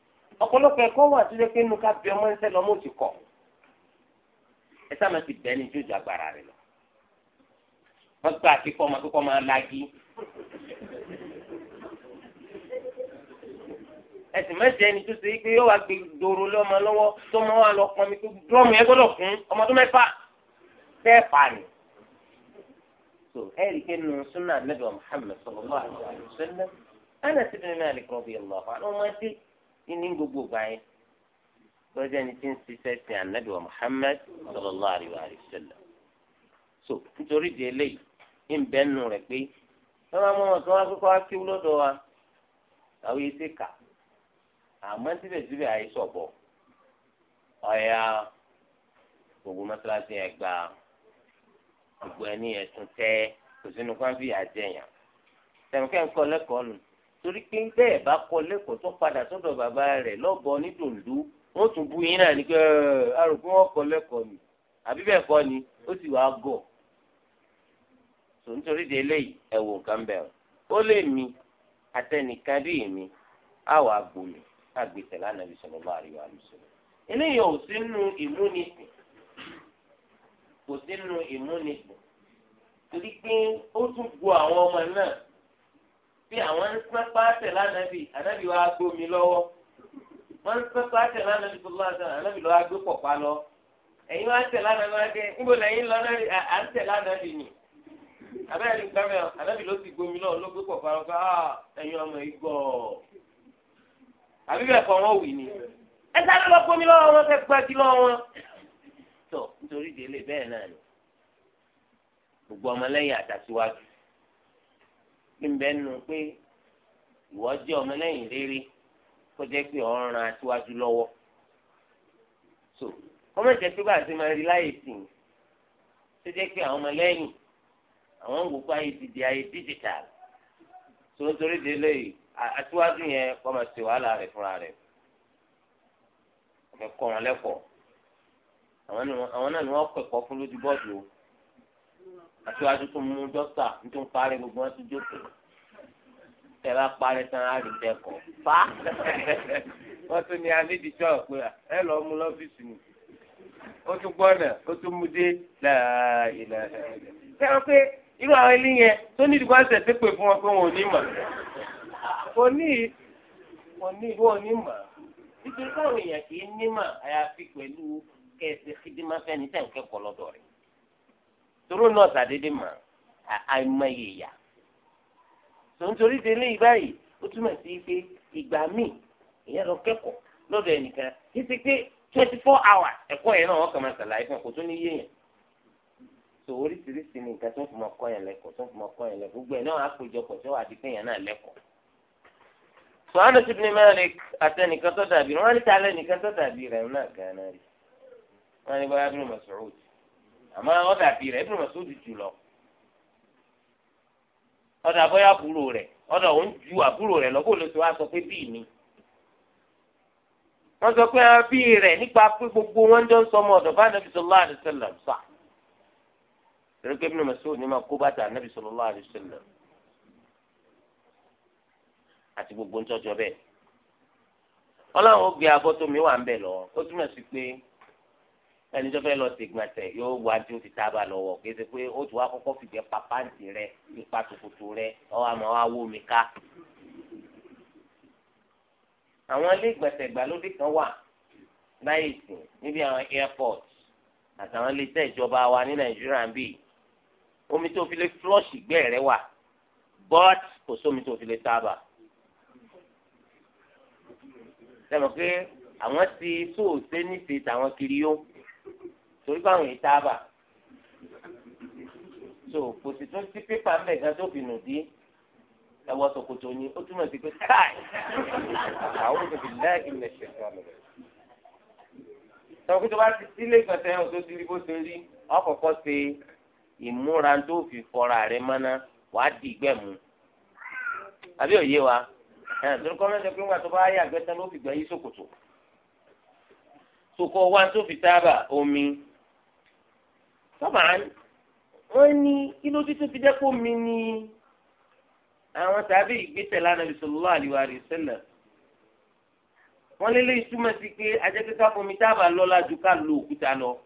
ọ̀pọ̀lọpọ̀ ẹ̀kọ́ wà tó yẹ pé inú ká bí ọmọ ẹsẹ̀ lọ́mọ òsì kọ̀ ẹ sáà máa ti bẹ́ẹ̀ ni jójú agbára rẹ lọ wọ́n gbà kíkọ́ máa kíkọ́ máa lagi ẹsìn mẹsẹ ẹni tó ṣe é pé yóò wá gbé dòrò lọ́mọ lọ́wọ́ tó máa wà lọ pọnmi pé dúrọ́mù yẹn gbọ́dọ̀ fún ọmọ tó mẹ́fà fẹ́ẹ́ fà ní. so ẹ̀rí pé nù súnà nàbẹ̀ Muhammad sallallahu alaihi wasallam Anas ibn Malik radiyallahu anhu ọmọ ẹ̀sìn ní gbogbo ìgbà yẹn lọ́jọ́ ẹni tí ń ṣiṣẹ́ sin anabi wa muhammed sallallahu alayhi wa sallam so nítorí di eléyìí ń bẹ́ nù rẹ̀ pé ẹ máa mọ ọ̀sán wá kókó wá kí wúlò dọ̀ wa àwọn yìí ti kà àmọ́ síbẹ̀síbẹ̀ àìsàn bọ̀ ọ̀ya gbogbo mọ́sálásí ẹ̀ gba gbogbo ẹni ẹ̀sùn tẹ́ kò sínú kí wọ́n fi àjẹyàn tẹ̀wọ́n kẹ́ ń kọ́ lẹ́kọ̀ọ́ nù torí pé ńbẹ́ ẹ̀ bá kọ lẹ́kọ̀ọ́ tó padà sọ́dọ̀ bàbá rẹ̀ lọ́gọ́ ní dòndó wọ́n tún bu yín náà ní pé arúgbó wọn kọ lẹ́kọ̀ọ́ ni àbí bẹ́ẹ̀ kọ́ ni ó sì wá gọ̀ tó nítorí de eléyìí ẹ̀ wò nǹkan bẹ̀ ó lè mi àtẹnìkan bí mi á wà gbòmí àgbètẹ̀ lánàá bí sọ̀rọ̀ bá àríwá mi sọ̀rọ̀ eléyìí ò sínú ìmúnisìn kò sínú ìmúnisìn torí pé ó tún bu àwọn ọmọ náà bí àwọn ń sán pàṣẹ lánàbì ànábì wa gbómi lọ́wọ́ wọ́n ń sán pàṣẹ lánàbì tó lọ́wọ́ sàn ànábì lọ́wọ́ gbé pọ̀pá lọ ẹ̀yin tẹ̀ lánàbì dé níbo lẹ́yìn lọ náà à ń tẹ̀ lánàbì abẹ́rẹ́ ní gbàmẹ́ ànábì ló ti gbómi lọ́wọ́ ló gbé pọ̀pá ẹ̀yin ọmọ yìí wọ́n wì ni ẹ sáré lọ gbómi lọ́wọ́ wọn fẹ́ níbẹ̀ nù pé ìwọ jẹ́ ọmọlẹ́yìn rere kó jẹ́ pé ọ̀ràn aṣíwájú lọ́wọ́ so kọ́mẹ̀tì ẹ̀sìn bá ti máa rí láyè sí i ṣé jẹ́ pé àwọn ọmọlẹ́yìn àwọn ń wò pé ayé ti di ayé díjítàl tó ń torí délé aṣíwájú yẹn kọ́ máa ṣe wàhálà rẹ̀ fúnra rẹ̀ ọ̀fẹ́ kọ́ wọn lẹ́kọ̀ọ́ àwọn náà ni wọ́n kẹ́kọ̀ọ́ fún lójú bọ́ọ̀dù o aṣíwájú tó mú dọ́kítà tó ń parí gbogbo wọn ti jókòó tẹ bá parí tán á rí bẹ́ẹ̀ kọ́ fa wọ́n tún ní anídìjọ́ pé ẹ lọ́ọ́ mú lọ́fíìsì mi ó tún gbọ́nà ó tún mú dé láàyèlà ṣé wọn pé irú àwọn ilé yẹn tó ní ìdìbò àṣẹ pépè fún wọn pé wọn ò ní mọ̀ kò ní kò ní ìwọ ò ní mọ̀ nítorí káwọn èèyàn kì í ní mọ̀ àyàfi pẹ̀lú kẹsì fìdímáfẹ́ni tẹ̀ ń kẹ́kọ̀ọ́ lọ́dọ̀ rẹ̀. toro náà sàdédé ó túmọ̀ sí pé ìgbà míì ìyẹn lọ kẹ́kọ̀ọ́ lọ́dọ̀ ẹnìkan kí ti pé twenty four hours ẹ̀kọ́ yẹn náà wọ́n kàn máa fún so oríṣiríṣi ni nǹkan tó ń fi mọ yẹn lẹ́kọ̀ọ́ tó ń fi mọ yẹn lẹ́kọ̀ọ́ gbogbo ẹ̀ náà àpéjọpọ̀ tó wà dípẹ́ yẹn náà lẹ́kọ̀ọ́. sọ̀hánù tí bíi Malik àtẹnìkan àmọ́ ọ̀dà bí rẹ̀ Ibn Mas'ud jù lọ ọ̀dà bóyá àbúrò rẹ̀ ọ̀dà òun ju àbúrò rẹ̀ lọ́kọ́ ló ti wá sọ pé bíi mi wọ́n sọ pé bíi rẹ̀ nípa pé gbogbo wọn jọ ń sọ ọmọ ọ̀dọ̀ bá nàbì sallallahu alaihi wasallam sà torí pé Ibn Mas'ud ní máa kó bàtà nàbì sallallahu alaihi wasallam àti gbogbo ń tọ́jọ́ bẹ́ẹ̀ ọlọ́run ó gbé abọ́ tó mi ẹni tó fẹ́ lọ sègbàtẹ̀ yóò wá tí ó ti tábà lọ́wọ́ kí ẹsẹ̀ pé ó ti wá kọ́kọ́ fìjẹ́ pàpáǹtì rẹ ipa tòkòtò rẹ ọwọ́ àmọ́ wá wó mi ká. àwọn ilé ìgbàtẹ̀ ìgbàlódé kan wà láyé ìsìn níbi àwọn airport àtàwọn ilé iṣẹ́ ìjọba wa ní nàìjíríà ń bì omi tó fi lè flush ìgbẹ́ rẹ wà but kò sómi tó fi lè tábà. sẹ́mi pé àwọn ti sóòsé níṣe tàwọn kiri yóò torí báwọn yìí tábà so kò sì tún sí pépà ń bẹ̀ gan tó bìnnú dí ẹwọ ṣòkòtò ni ó túmọ̀ sí pé káì àwọn òṣèlú lẹ́yìn ilẹ̀ ṣẹ̀ṣẹ̀ ọ̀nà rẹ̀ tọ́kù tó bá ti sílé ìgbọ̀nsẹ̀ yẹn tó ti rí bó ṣe rí ọkọ̀ọ̀kọ̀ ṣe ìmúra tó fi fọra rẹ̀ mọ́ná wàá di ìgbẹ́ mu àbí òye wa ẹ̀ tó kọ́ mẹ́sàn-án pé ńgbà tó bá yàgbẹ́ tán ló fi gbẹ́ yí ṣòkòtò sòkò wá tó fi tábà omi sábà wọ́n ní kí ló dé tó fi jẹ́ kó mi ní àwọn tàbí ìgbésẹ̀ lánàá bí sallallahu alaihi wa sallam wọ́n lé lé ìtumọ̀ sí pé ajẹ́kẹ́ká fomi tábà lọ́la ju ká lo òkúta lọ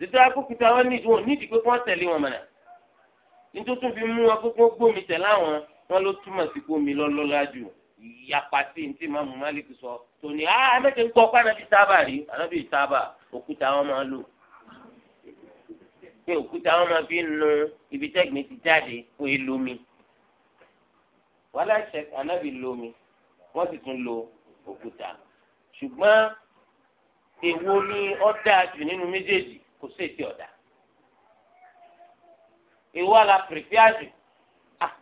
tètè akókúta wọn nídìí wọn nídìí pé kí wọ́n tẹ̀lé wọn mọ̀nà nítòtún fi mú wọn pé kí wọ́n gbómi tẹ̀ láwọn wọn ló túmọ̀ sí pé omi lọ́lọ́lá ju ìyapa sí ní tí màmú Málíkì sọ kò ní ah ẹ̀mẹ́tẹ̀ ń kọ́ ọ́pá náà bí sábà rí ànábì sábà òkúta wọn máa lò pé òkúta wọn máa fi nu ibi tẹ́gbìn ti jáde kó e lomi wàhálà ṣe ànábì lomi wọ́n sì tún lo òkúta ṣùgbọ́n èwo ni ọ̀dà jù nínú méjèèjì kò sí èsì ọ̀dà èwo àlà pèfíàjù ah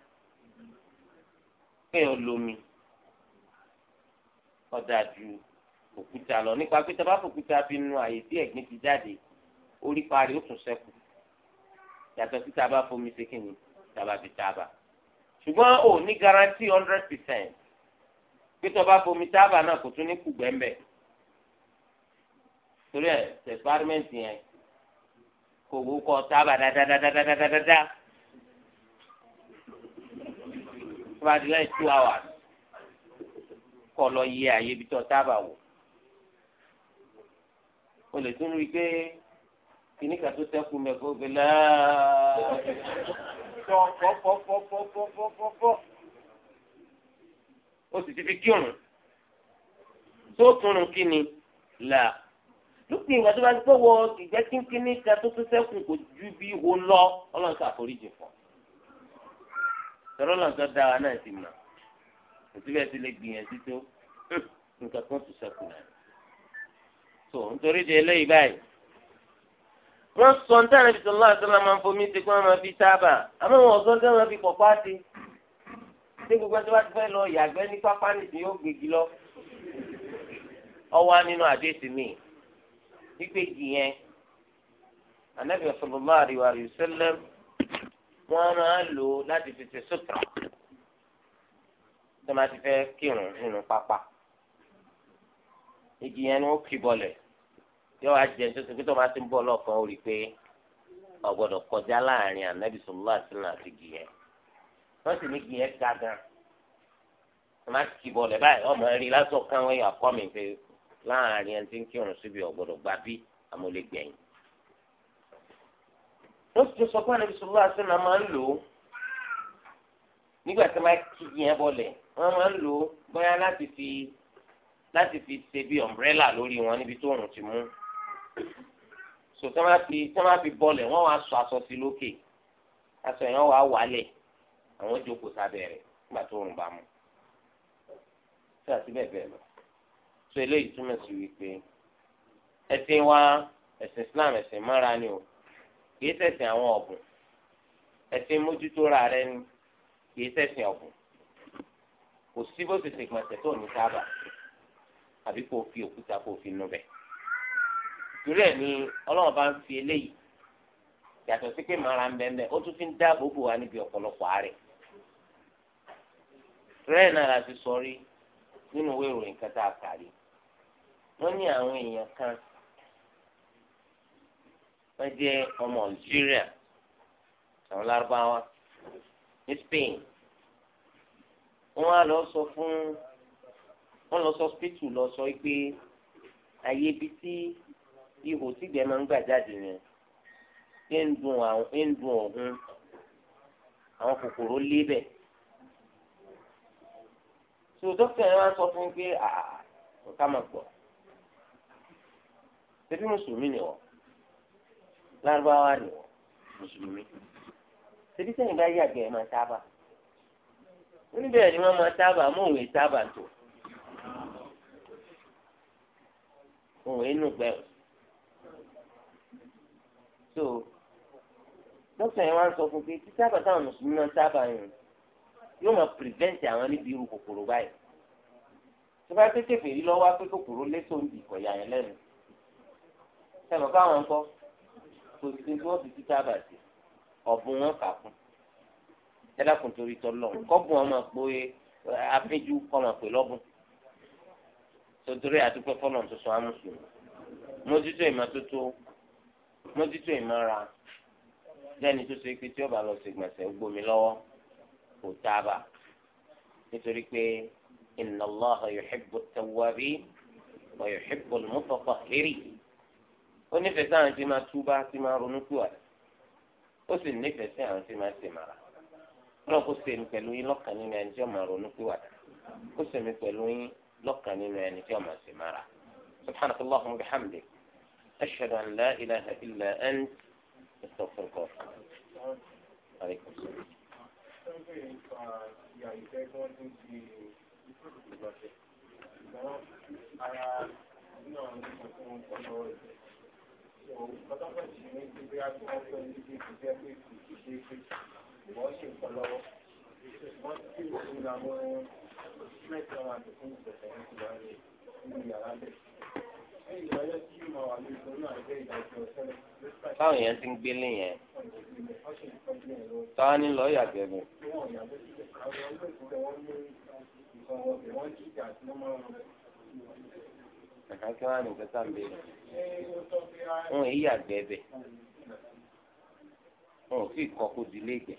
pé ọ̀ lomi ọ̀dà ju òkúta lọ nípa pé tá a bá fòkúta fi nu àyè tí ẹ̀gbin ti jáde orí parí ó tún sẹ́kù yàtọ̀ sí tá a bá fomi ṣe kí ni tá a bá fi tábà ṣùgbọ́n ò ní garanti hundred percent pé tó bá fomi tábà náà kò tún ní kù gbẹ́ńbẹ́ torí ẹ̀ tẹ̀sípárímẹ́ǹtì yẹn kò wó kọ tábà dáadáadáadáadáa tó bá di lẹ́yìn two hours kọ́ lọ yẹ àyè ibi tó tábà wò o lè tún rí i pé kìnnìkan tó sẹ́kù mẹ́kọ́ gbé láàá tọ́ fọ́fọ́fọ́fọ́fọ́fọ́ o sì ti fi kírun tó túnrun kí ni là lópin ìgbà tó bá ti pé wọ ìgbẹ́ kínkínní kan tó tún sẹ́kù kò ju bí ihò lọ ọlọ́run ṣàforíjì fún ọ. tọ́lọ́lọ́ tó dára náà ti mọ̀ òtúbẹ̀ ti lè gbìyànjú tó hmm, nǹkan kan tó sẹ́kù náà. tó nítorí di eléyìí báyìí wọ́n sọ ní tàbí sọlá àtàlà máa ń fomi ti kí wọ́n máa fi sábà àmọ́ wọn ọ̀sán tí wọ́n máa fi pọ̀pá ti ṣé gbogbo ẹni tó bá ti fẹ́ lọ yàgbẹ́ ní pápá nìsín yóò gbégi lọ ọwọ́ nínú àdéhùn mi gbígbégi yẹn Ànábì sallallahu alaihi wa sallam wọ́n máa lò láti fi ṣe sùtà tó máa ti fẹ́ kírun nínú pápá igi yẹn ni ó kì bọlẹ̀ yóò wá jẹ tó ti pé tó máa ti ń bọ̀ lọ́ọ̀kan ó rí i pé ọ̀gbọ́dọ̀ kọjá láàrin ànábì sọlá àti náà àti igi yẹn wọ́n sì ní igi yẹn ga gan wọ́n máa kì bọlẹ̀ báyìí ọmọ rí lásán kan wọ́n yà kọ́ mi pé láàrin ẹni tí ń kírun síbi ọ̀gbọ́dọ̀ gbà bí àmọ́lẹ́gbẹ̀yìn wọ́n sì tún sọ pé ànábì sọlá wọ́n máa ń lò ó bóyá láti fi láti fi ṣe bí ọ̀mbrẹ́là lórí wọn níbi tó òrùn ti mú so tí wọ́n bá fi tí wọ́n bá fi bọ́lẹ̀ wọ́n wàá sọ aṣọ sí lókè aṣọ yẹn wàá wálẹ̀ àwọn jókòó sábẹ́ rẹ̀ nígbà tó òrùn bá mú tí àti lọ so eléyìí túmọ̀ sí wípé ẹ̀sìn wa ẹ̀sìn Islam ẹ̀sìn mọ́ra ni o kì í ṣẹ̀sìn àwọn ọ̀bùn ẹ̀sìn mójútó ra rẹ ni kì í ṣẹ̀sìn ọ̀bùn kò sí bó ti ṣe gbọ̀nsẹ̀ tó ní sábà àbí kò fi òkúta kò fi nu bẹ̀. torí ẹ̀ ni ọlọ́run bá ń fi eléyìí yàtọ̀ sí pé màá ra ń bẹ́ẹ̀ ó tún fi ń dáàbò bò wá níbi ọ̀pọ̀lọpọ̀ àárẹ̀. torí ẹ̀ náà la ti sọ rí nínú ìwé ìròyìn kan tá a kà rí wọ́n ní àwọn èèyàn kan wọ́n jẹ́ ọmọ Algeria àwọn lárúbáwá ní Spain wọ́n á lọ sọ fún wọ́n lọ sọ spítù lọ sọ pé àyè ibi tí ihò tìgbẹ́ máa ń gbà jáde yẹn ṣé ń dun àwọn ń dun ọ̀hún àwọn kòkòrò lébẹ̀. tó dókítà yẹn wá sọ fún pé ọ̀ká máa gbọ́ ṣébí mùsùlùmí ni wọ́n lárúbáwá ni wọ́n mùsùlùmí ṣébí sẹ́yìn bá yàgbẹ́ máa sábà oníbẹ̀ ni wọ́n máa tábà mú òun tábà tó òun inú gbẹ o so dókítà yẹn wá ń sọ fún pé tí tábà táwọn mùsùlùmí náà tábà yẹn yóò máa prevent àwọn níbi irú kòkòrò báyìí tó bá tètè fèrí lọ́wọ́ pé kòkòrò lẹ́sọ̀ ń di ìkọ̀yà yẹn lẹ́nu sẹ́nu káwọn ń kọ́ kò sí tí wọ́n fi tí tábà sí ọ̀bùn wọn kà fún un ẹlẹ́kùn torí tọ́lọ̀ kọ́gùn ọmọ pé afínjú kọ́mọ pé lọ́gùn sotori àdúgbò fọlọ̀ tó sọ amúsùn mójútó ìmọ́tótó mójútó ìmọ́ra lẹ́ni tó so ipe tí ó bá lọ sí gbọ̀nsẹ̀ gbomi lọ́wọ́ kò tábà nítorí pé inna Allaha yuhibbu at-tawwabin wa yuhibbu al-mutatahhirin ó nífẹ̀ẹ́ sáà tí máa túbá tí máa ronú kúwà ó sì nífẹ̀ẹ́ sí àwọn tí máa ṣèmàrà. ọlọ́run kò se mi pẹ̀lú yín lọ́kàn nínú ẹni tí ọ̀ ọmọ ronú pé wà kó se mi pẹ̀lú yín lọ́kàn nínú ẹni tí ọ̀ ọmọ se mara subhanaka allahumma wa bihamdik ashhadu an la ilaha illa ant astaghfiruka wa atubu alaykum salaam. Thank ìwọ́n ṣe nǹkan lọ́wọ́ wọ́n ti òun ra mọ́ mẹ́ta wà ní fún ìṣẹ̀lẹ̀ ní ìlú ayé nínú yàrá bẹ́ẹ̀. ẹ̀yìn ìdájọ́ tí yóò wà ní ìṣòro náà jẹ́ ìdájọ́ sẹ́lẹ̀. báwọn yẹn ti ń gbélé yẹn táwa ní lọ́ọ́ yàgbẹ́ mi. kàkà kí wọ́n á nìkan sáà wọn èyí yàgbẹ́ bẹ̀ wọn ò sì kọ́ kó dilé ìgbẹ́.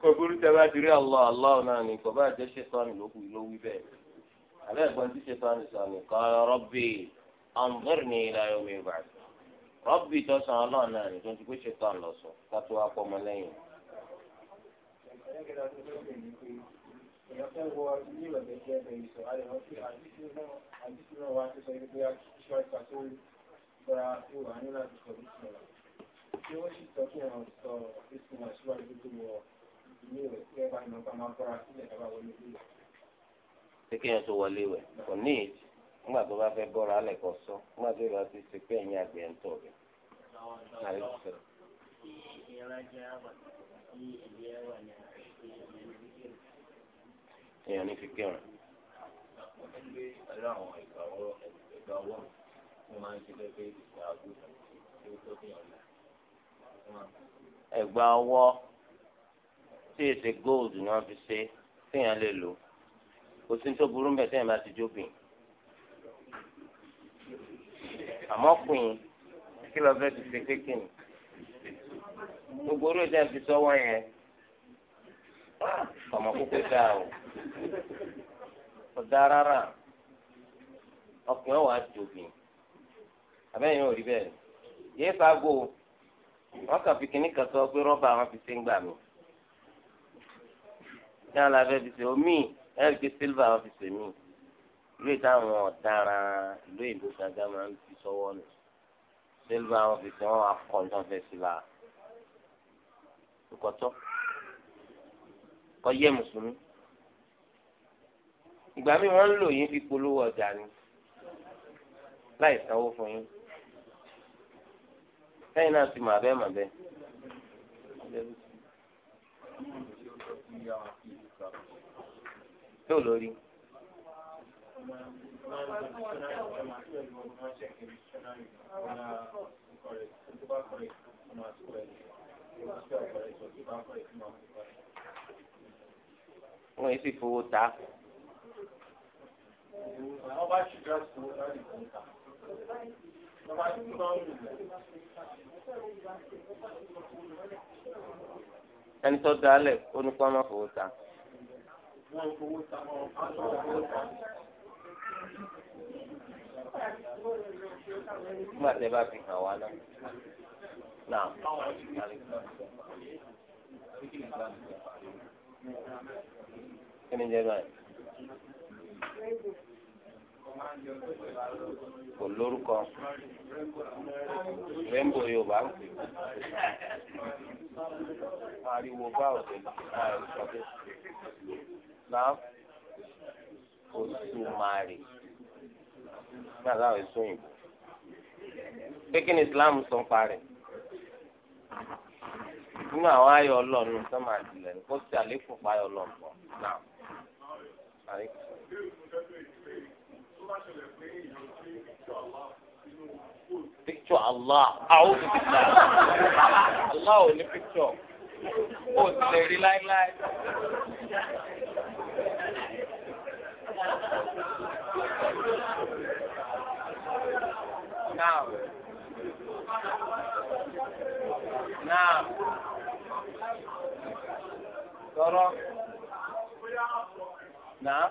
kò burú tẹ bá dirí Allah Allah náà ni kò bá jẹ́ ṣètọ́nù ló wí ló wí bẹ́ẹ̀ abẹ́ ẹ̀gbọ́n tí ṣètọ́nù sọ ni qala rabbi anzirni ila yawmi yub'ath rabbi tó sàn ọlọ́run náà ni tó ń ti pé ṣètọ́nù lọ sọ ká tó wá pọ́ ọmọ lẹ́yìn ìyàtọ̀ wọ ní ìrọ̀lẹ́ jẹ́ ẹ̀yìn sọ àlẹ́ wọn sí àdìsí náà àdìsí náà wá sí sọ pé a ṣíwájú àti ṣé wọ́n sì sọ fún wọn sọ ètò wọn síwájú tó wọ ilé rẹ̀ kí ẹ bá iná bá máa bọ́ra sílẹ̀ bá wọlé ilé rẹ̀. ṣé kí èèyàn tó wọlé wẹ̀ kò ní èyí nígbà tó bá fẹ́ bọ́ra alẹ́ kọ sọ nígbà tó bá ti ṣe pé ẹ̀yìn àgbẹ̀ ń tọ̀ rẹ̀. èèyàn ní fi kírun. Ìgbà ẹ̀gbà ọwọ́ tí èsè gold ni wọ́n fi ṣe téèyàn lè lò kò sí tó burú mbẹ téèyàn bá ti jóbìn àmọ́ pin kí lọ́ọ́ fẹ́ ti ṣe kékeré gbogbo orí ìjà fi sọ́wọ́ yẹn ah, ọmọ kókó dáa o kò dáa rárá ọkùnrin wàá jóbìn abẹ́yẹn ò rí bẹ́ẹ̀ yéé fagbó o wọ́n kàn fi kínní kan sọ pé rọ́bà wọn fi ṣe ń gbà mí ní alábẹ́ fi ṣe omi ẹ̀rí pé sílvà wọn fi ṣe mí ìlú ìtàwọn ọ̀daràn ìlú ìlú gàgà máa ń fi sọ́wọ́ nù sílvà wọn fi ṣe wọn akọ̀ǹtàn fẹ́ sí la kọ́tọ́ kọ́ yẹ mùsùlùmí ìgbà mi wọ́n ń lò yín fi polówó ọjà ni láì sanwó fún yín lẹ́yìn náà sì mà bẹ́ẹ̀ mà bẹ́ẹ̀. tó lórí. wọ́n yìí sì fowó ta ẹni tó da alẹ ó ní kó ọmọ fowó ta. nígbà tí ẹ bá fi hàn wá náà. náà. kí ni jẹ báyìí kò lórúkọ rẹ́ńbò yorùbá ariwo bá òde náà osùmàrè náà láwọn èso òyìnbó pé kí ni islam sọ ń parẹ́ nínú àwọn ayọ̀ ọlọ́run tó máa dilẹ̀ kó sí àlékún pa ayọ̀ ọlọ́run pọ̀ náà picture allah a'udhu billahi allah ò ní picture ó ti lè rí láéláé. Naam. Naam. Sọ̀rọ̀. Naam.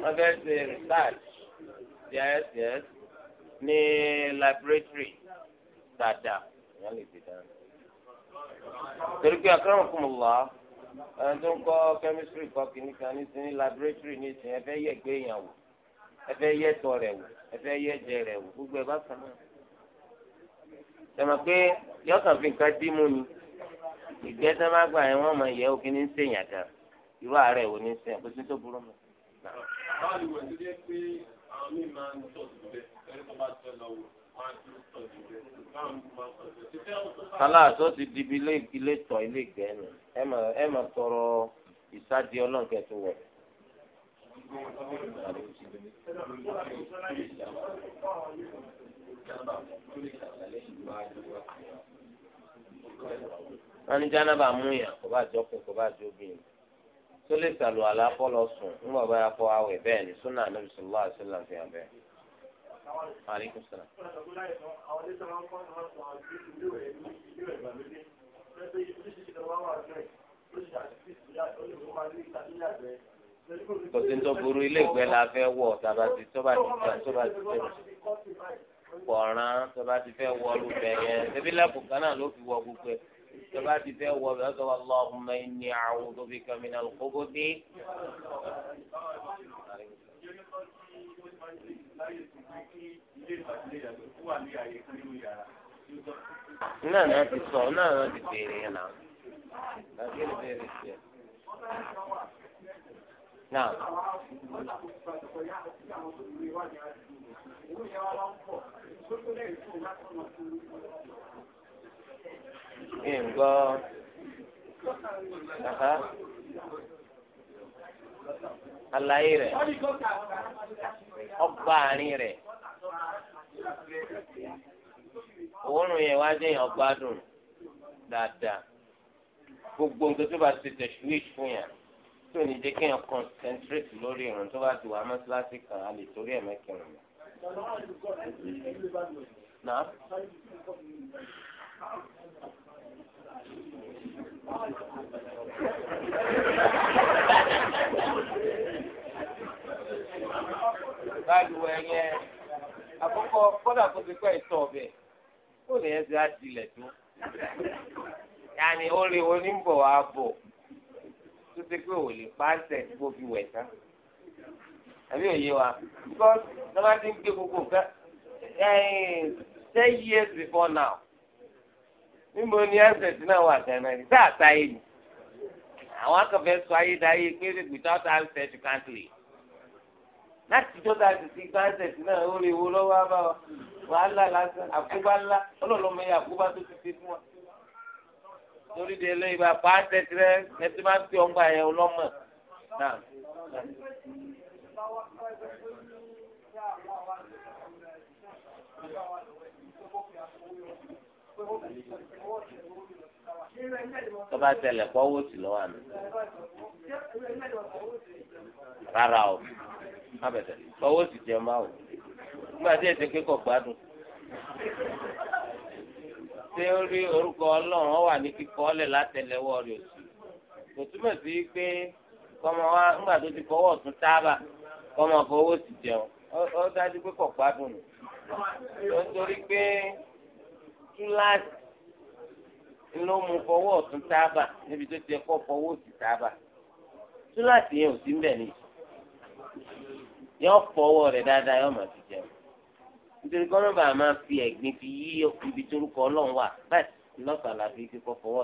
wọ́n fẹ́ ṣe research Yes, yes. ní laboratory dáadáa wọ́n lè ṣe dáadáa. torí pé akramakumullah ẹni tó ń kọ́ chemistry kọ́ kìnnìkan ní sí laboratory ní ìsìn ẹ fẹ́ yẹ gbé èèyàn wò ẹ fẹ́ yẹ tọ rẹ̀ wò ẹ fẹ́ yẹ jẹ rẹ̀ wò gbogbo ẹ bá kàn náà. tẹ̀mọ̀ pé yọ̀ọ̀kan fi nǹkan dí mú ni ìgbẹ́ tẹ́ gbà yẹn wọ́n mọ̀ yẹ òkè ní sèyàn gan irú àárẹ̀ wo ní sẹ́yìn kò sí tó burú mi. báwo ni wọ́n ti rí pé àwọn míì máa ń tọ̀ síbẹ̀ ẹni tó bá tẹ̀ lọ́wọ́ kálá tó ti di ibi ilé tọ̀ ilé ìgbẹ́ nù ẹ mà tọrọ ìsádi ọlọ́nkẹ́ tó wẹ̀. wọ́n ní jánábà mú yàn kó bá jọkùn kó bá jóbìn tó lè sàlù àlàkọ́ lọ sùn nígbà bá yà kọ́ àwẹ̀ bẹ́ẹ̀ ni súnà ànábì sọlá àṣìlá fi hàn bẹ́ẹ̀. aleykum salaam. kò sí tó burú ilé ìgbẹ́ la fẹ́ wọ̀ tàbá ti tó bá ti tẹ̀ tó bá ti tẹ̀ pọ̀ràn tó bá ti fẹ́ wọ̀ lù bẹ́ẹ̀ yẹn ebi lẹ́kùn kan náà ló fi wọ gbogbo ẹ̀ ìjọba ti fẹ́ wọ bẹ́ẹ̀ sọ Allahumma inni a'udhu bika minal khubuthi. náà náà ti sọ náà náà ti béèrè yẹn náà náà ti béèrè tiẹ̀ náà. Thank you nǹkan àlàyé rẹ̀ ọgbà àárín rẹ̀ òórùn yẹn wá dé yẹn ọgbà dùn dáadáa gbogbo nǹkan tó bá ti tẹ̀síwìsì fún yàn tó ní jẹ́ kéèyàn concentrate lórí ìrùn tó bá ti wà mọ́sálásí kan á lè torí ẹ̀ mẹ́kẹ̀rin báyìíwẹ̀ yẹn àkọ́kọ́ kọ́dà tó fi kọ́ ìtọ̀ ọ̀bẹ kó lè yẹn ti á dilẹ̀ tó yàní ó lè wọ́n ní bọ̀ wá bọ̀ tó ti pé ò lè pàṣẹ kó fi wẹ̀ tán àbí òye wa because ní wọ́n ti ń gbé gbogbo nǹkan ten years before now níbo ni ẹsẹ̀t náà wà gan-an ní sáà táyé ni àwọn akọ̀fẹ́ sọ ayédáyé pé without access you can't live láti tó dáa ti ti gbáǹsẹ̀tì náà ó lè wo lọ́wọ́ bá wa wàhálà lásán àkóbá ńlá ọlọ́lọ́mọ yẹ àkóbá tó ti ti fún wa. torí de lóyún bá pàǹsẹ̀tì rẹ ẹtí máa ń fi ọgbà yẹn ọlọ́mọ náà. Thank you tọ́ba tẹlẹ̀ kọ́ sí lọ́wọ́ àná rárá o má bẹ̀tẹ̀ kọ́ owó sí jẹun báwo nígbà tí èsì kékọ̀ gbádùn ṣé ó rí orúkọ ọlọ́run ó wà ní kíkọ́ ọ̀lẹ̀ látẹlẹwọ́ rẹ̀ òsì kò túmọ̀ sí pé kọ́mọ wa nígbà tó ti fọwọ́ tún tábà kọ́mọ fọwọ́ sí jẹun ó dájú pé kọ̀ gbádùn nù nítorí pé. túláàsì ló mú fọwọ́ ọ̀tún tábà níbi tó ti yẹ fọwọ́ òsì tábà yẹn ò sí mbẹ̀ yọ fọwọ́ rẹ̀ dáadáa yọ nítorí fi ẹ̀gbin ibi torúkọ ọlọ́run wà báyìí lọ́sàn fi fọwọ́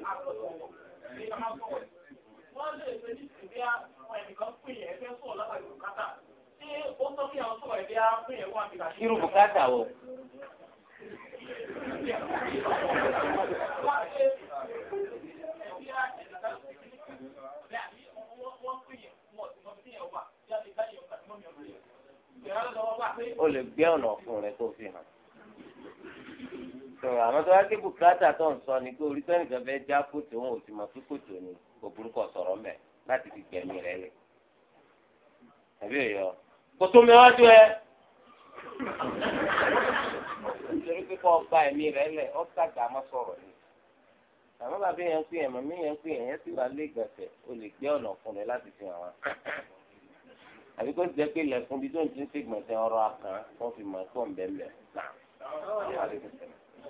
wọ́n irú bùkátà wo. o lè gbé ọ̀nà fún rẹ fi hàn. sọ àmọ́ tó wá ké bùkátà tó ń sọ ni pé orí tó nìkan fẹ́ já kòtò òun ò sì mọ̀ pé kòtò ni kò burúkọ sọ̀rọ̀ mẹ́ láti fi gbẹ̀mí rẹ̀ lẹ̀ àbí ẹ̀yọ́ kòtò mi wá ju ẹ nítorí pé kọ́ ọgbà ẹ̀mí rẹ̀ lẹ̀ ọ́ tàgbà má sọ̀rọ̀ ni àmọ́ bàbá yẹn pé ẹ̀mọ́ mi yẹn pé ẹ̀yẹn sì wà lé ìgbọ̀nsẹ̀ o lè gbé ọ̀nà fún rẹ láti fi hàn wá àbí kó jẹ́ pé ilẹ̀kùn bí tó ń ti ń ṣègbọ̀nsẹ̀ ọ̀rọ̀ akàn wọ́n fi mọ̀ ẹ̀kọ́ ń bẹ́ẹ̀ bẹ́ẹ̀ náà.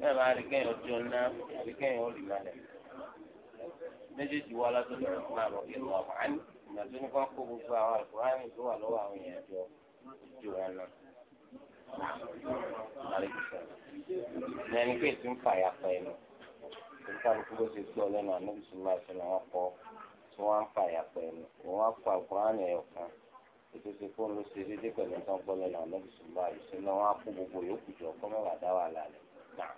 bẹ́ẹ̀ máa rí kẹ́yìn ojú ọ̀nà àbí kẹ́yìn olè lálẹ́ méjèèjì wá látọ̀dọ̀ ọ̀sán àrò ìlú àmàlí ìgbà tó ní kó kó gbogbo àwọn àlùkùránì tó wà lọ́wọ́ àwọn èèyàn jọ ojú wọn lọ. lẹ́ni pé ètò ń fàyà pa ẹnu ètò kálukú bó ṣe gbọ́ lẹ́nu àníbísí máa ṣe ni wọ́n kọ́ tí wọ́n ń fàyà pa ẹnu wọ́n á kó àlùkùránì ètòsí fóònù ṣe déédé pẹ̀lú nǹkan pọ́lọ́ náà lọ́bì ṣùgbọ́n àìsí náà wọ́n á kó gbogbo yòókù jọ kọ́ mẹ́wàá dá wà lálẹ́ náà.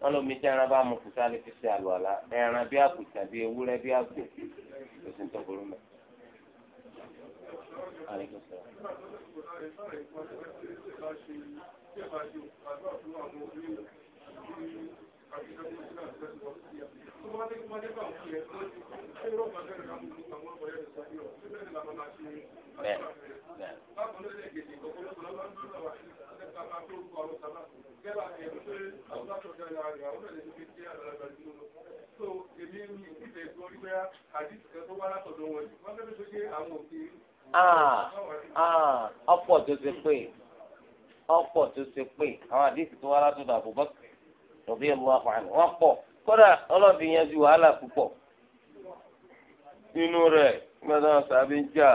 wọ́n lọ mi tí ẹran bá mu kùtà lè fi ṣe àlùwàlá ẹran bí àkùtà bí ewúrẹ́ bí àgbò ló sì ń tọ́gbọ́rú mẹ́. Thank you bẹ́ẹ̀ bẹ́ẹ̀. so èmi mi ìfẹ́ gbọ́ wípé àdìsí kan tó wá látọ̀dọ̀ wọn yìí wọ́n fẹ́ẹ́ tó ṣe pé àwọn àdìsí tó wá látọ̀dọ̀ Abubakar radiyallahu anhu wọ́n pọ̀ kódà ọlọ́ọ̀bì yẹn ju wàhálà púpọ̀ nínú rẹ̀ gbọ́dọ̀ sàbí ń jà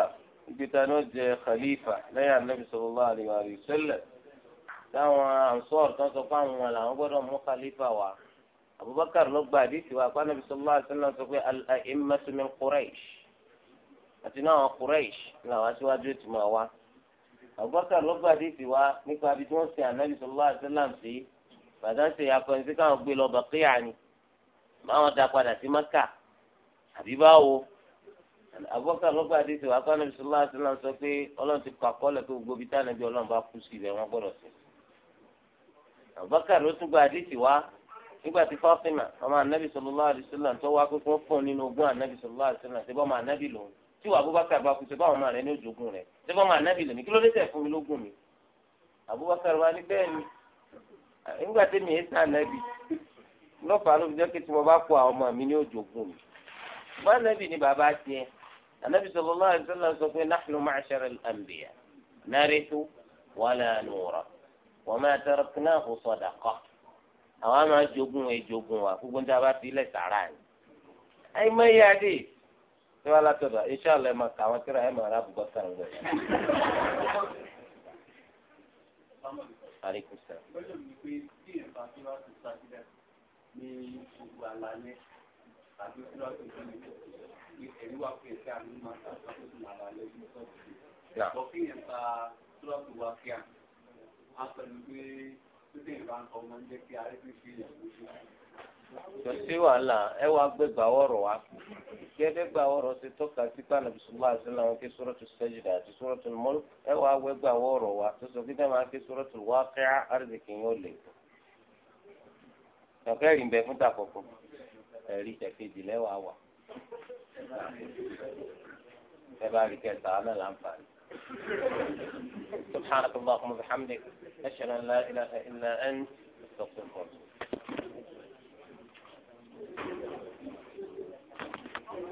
ìgbìta náà jẹ khalifa lẹ́yìn anabi sallallahu alayhi wa sallam táwọn ansọ́ọ̀rù kan sọ fún àwọn làwọn gbọ́dọ̀ mú khalifa wá abubakar ló gba àdìsí wa kó anabi sallallahu alayhi wa sallam sọ pé al-a'immatu min quraish àti náà àwọn quraish làwọn aṣíwájú ti máa abubakar ló gba àdìsí wa nípa ibi tí wọ́n sin anabi sallallahu alayhi wa bàtà ṣe akọ̀yìnsí káwọn gbé lọ bàkíyà ni máwọn da padà sí maka àbí báwo abọ́kà ló gbàdé tó akọ́nà bisimilá àti náà sọ pé ọlọ́run ti kọ́ akọ́lẹ̀ pé gbogbo ibi táwọn ẹbí ọlọ́run bá kú sí ibẹ̀ wọ́n gbọ́dọ̀ sí. abọ́kà ló tún gbàdé tì wá nígbà tí fáfínà ọmọ anabi sọlọ́lá àdìsílà tó wá pé fún fún nínú ogún anabi sọlọ́lá àdìsílà ṣe bọ́ ọmọ anabi lòun tí wà abubakar bá kú ṣe bá ọmọ rẹ ní ojogun rẹ ṣe bọ́ ọmọ anabi lòun kí ló dé tẹ̀ fún mi lógún mi abubakar wa ní bẹ́ẹ̀ ni nígbà tí mi yé sàn nẹ́bì lọ́fà ló fi jẹ́ kí tí mo bá kó àwọn ọmọ mi ní òjòkun mi bá nẹ́bì ni bàbá tiẹ̀ anabi sallallahu alaihi wasallam sọ pé nahnu ma'shar al-anbiya narithu wala nura wa ma taraknahu sadaqa àwọn àmà jogun ẹ jogun wa gbogbo níta bá fi ilẹ̀ sàrà ni. ayé máa yá dé tí wọ́n látọ̀dọ̀ inṣàlá ẹ̀ máa kà àwọn tíra ẹ̀ máa rà bùkọ́ pé tí ìfà tí wọ́n ti ṣàkíyà ní gbogbo àlàyé tàbí tí wọ́n ti fi ní ẹ̀rí wà pé ẹ̀ka àmì máa ta ṣàkóso àlàyé ní sọ́ọ̀tì. Ìgbọ́ kí ìfà tí wọ́n ti wá kí à, a pẹ̀lú pé tí ìfà ọmọ ń jẹ́ kí arẹ́gbẹ́sẹ̀ ìyàwó ṣe. kò sí wàhálà ẹ wá gbé gbàwọ̀rọ̀ wa gẹ́gẹ́ gbàwọ̀rọ̀ ti tọ́ka sí pàánù bisimilá sílẹ̀ wọn kí sọ́rọ́ tó àti sọ́rọ́ tó ẹ wá gbé gbàwọ̀rọ̀ wa tó sọ máa kí sọ́rọ́ tó wá kẹ́ àrídìkì yóò lè. kàkẹ́ rìn bẹ́ẹ̀ fún wà. ẹ bá rí kẹta سبحانك اللهم وبحمدك أشهد أن لا إله إلا أنت أستغفرك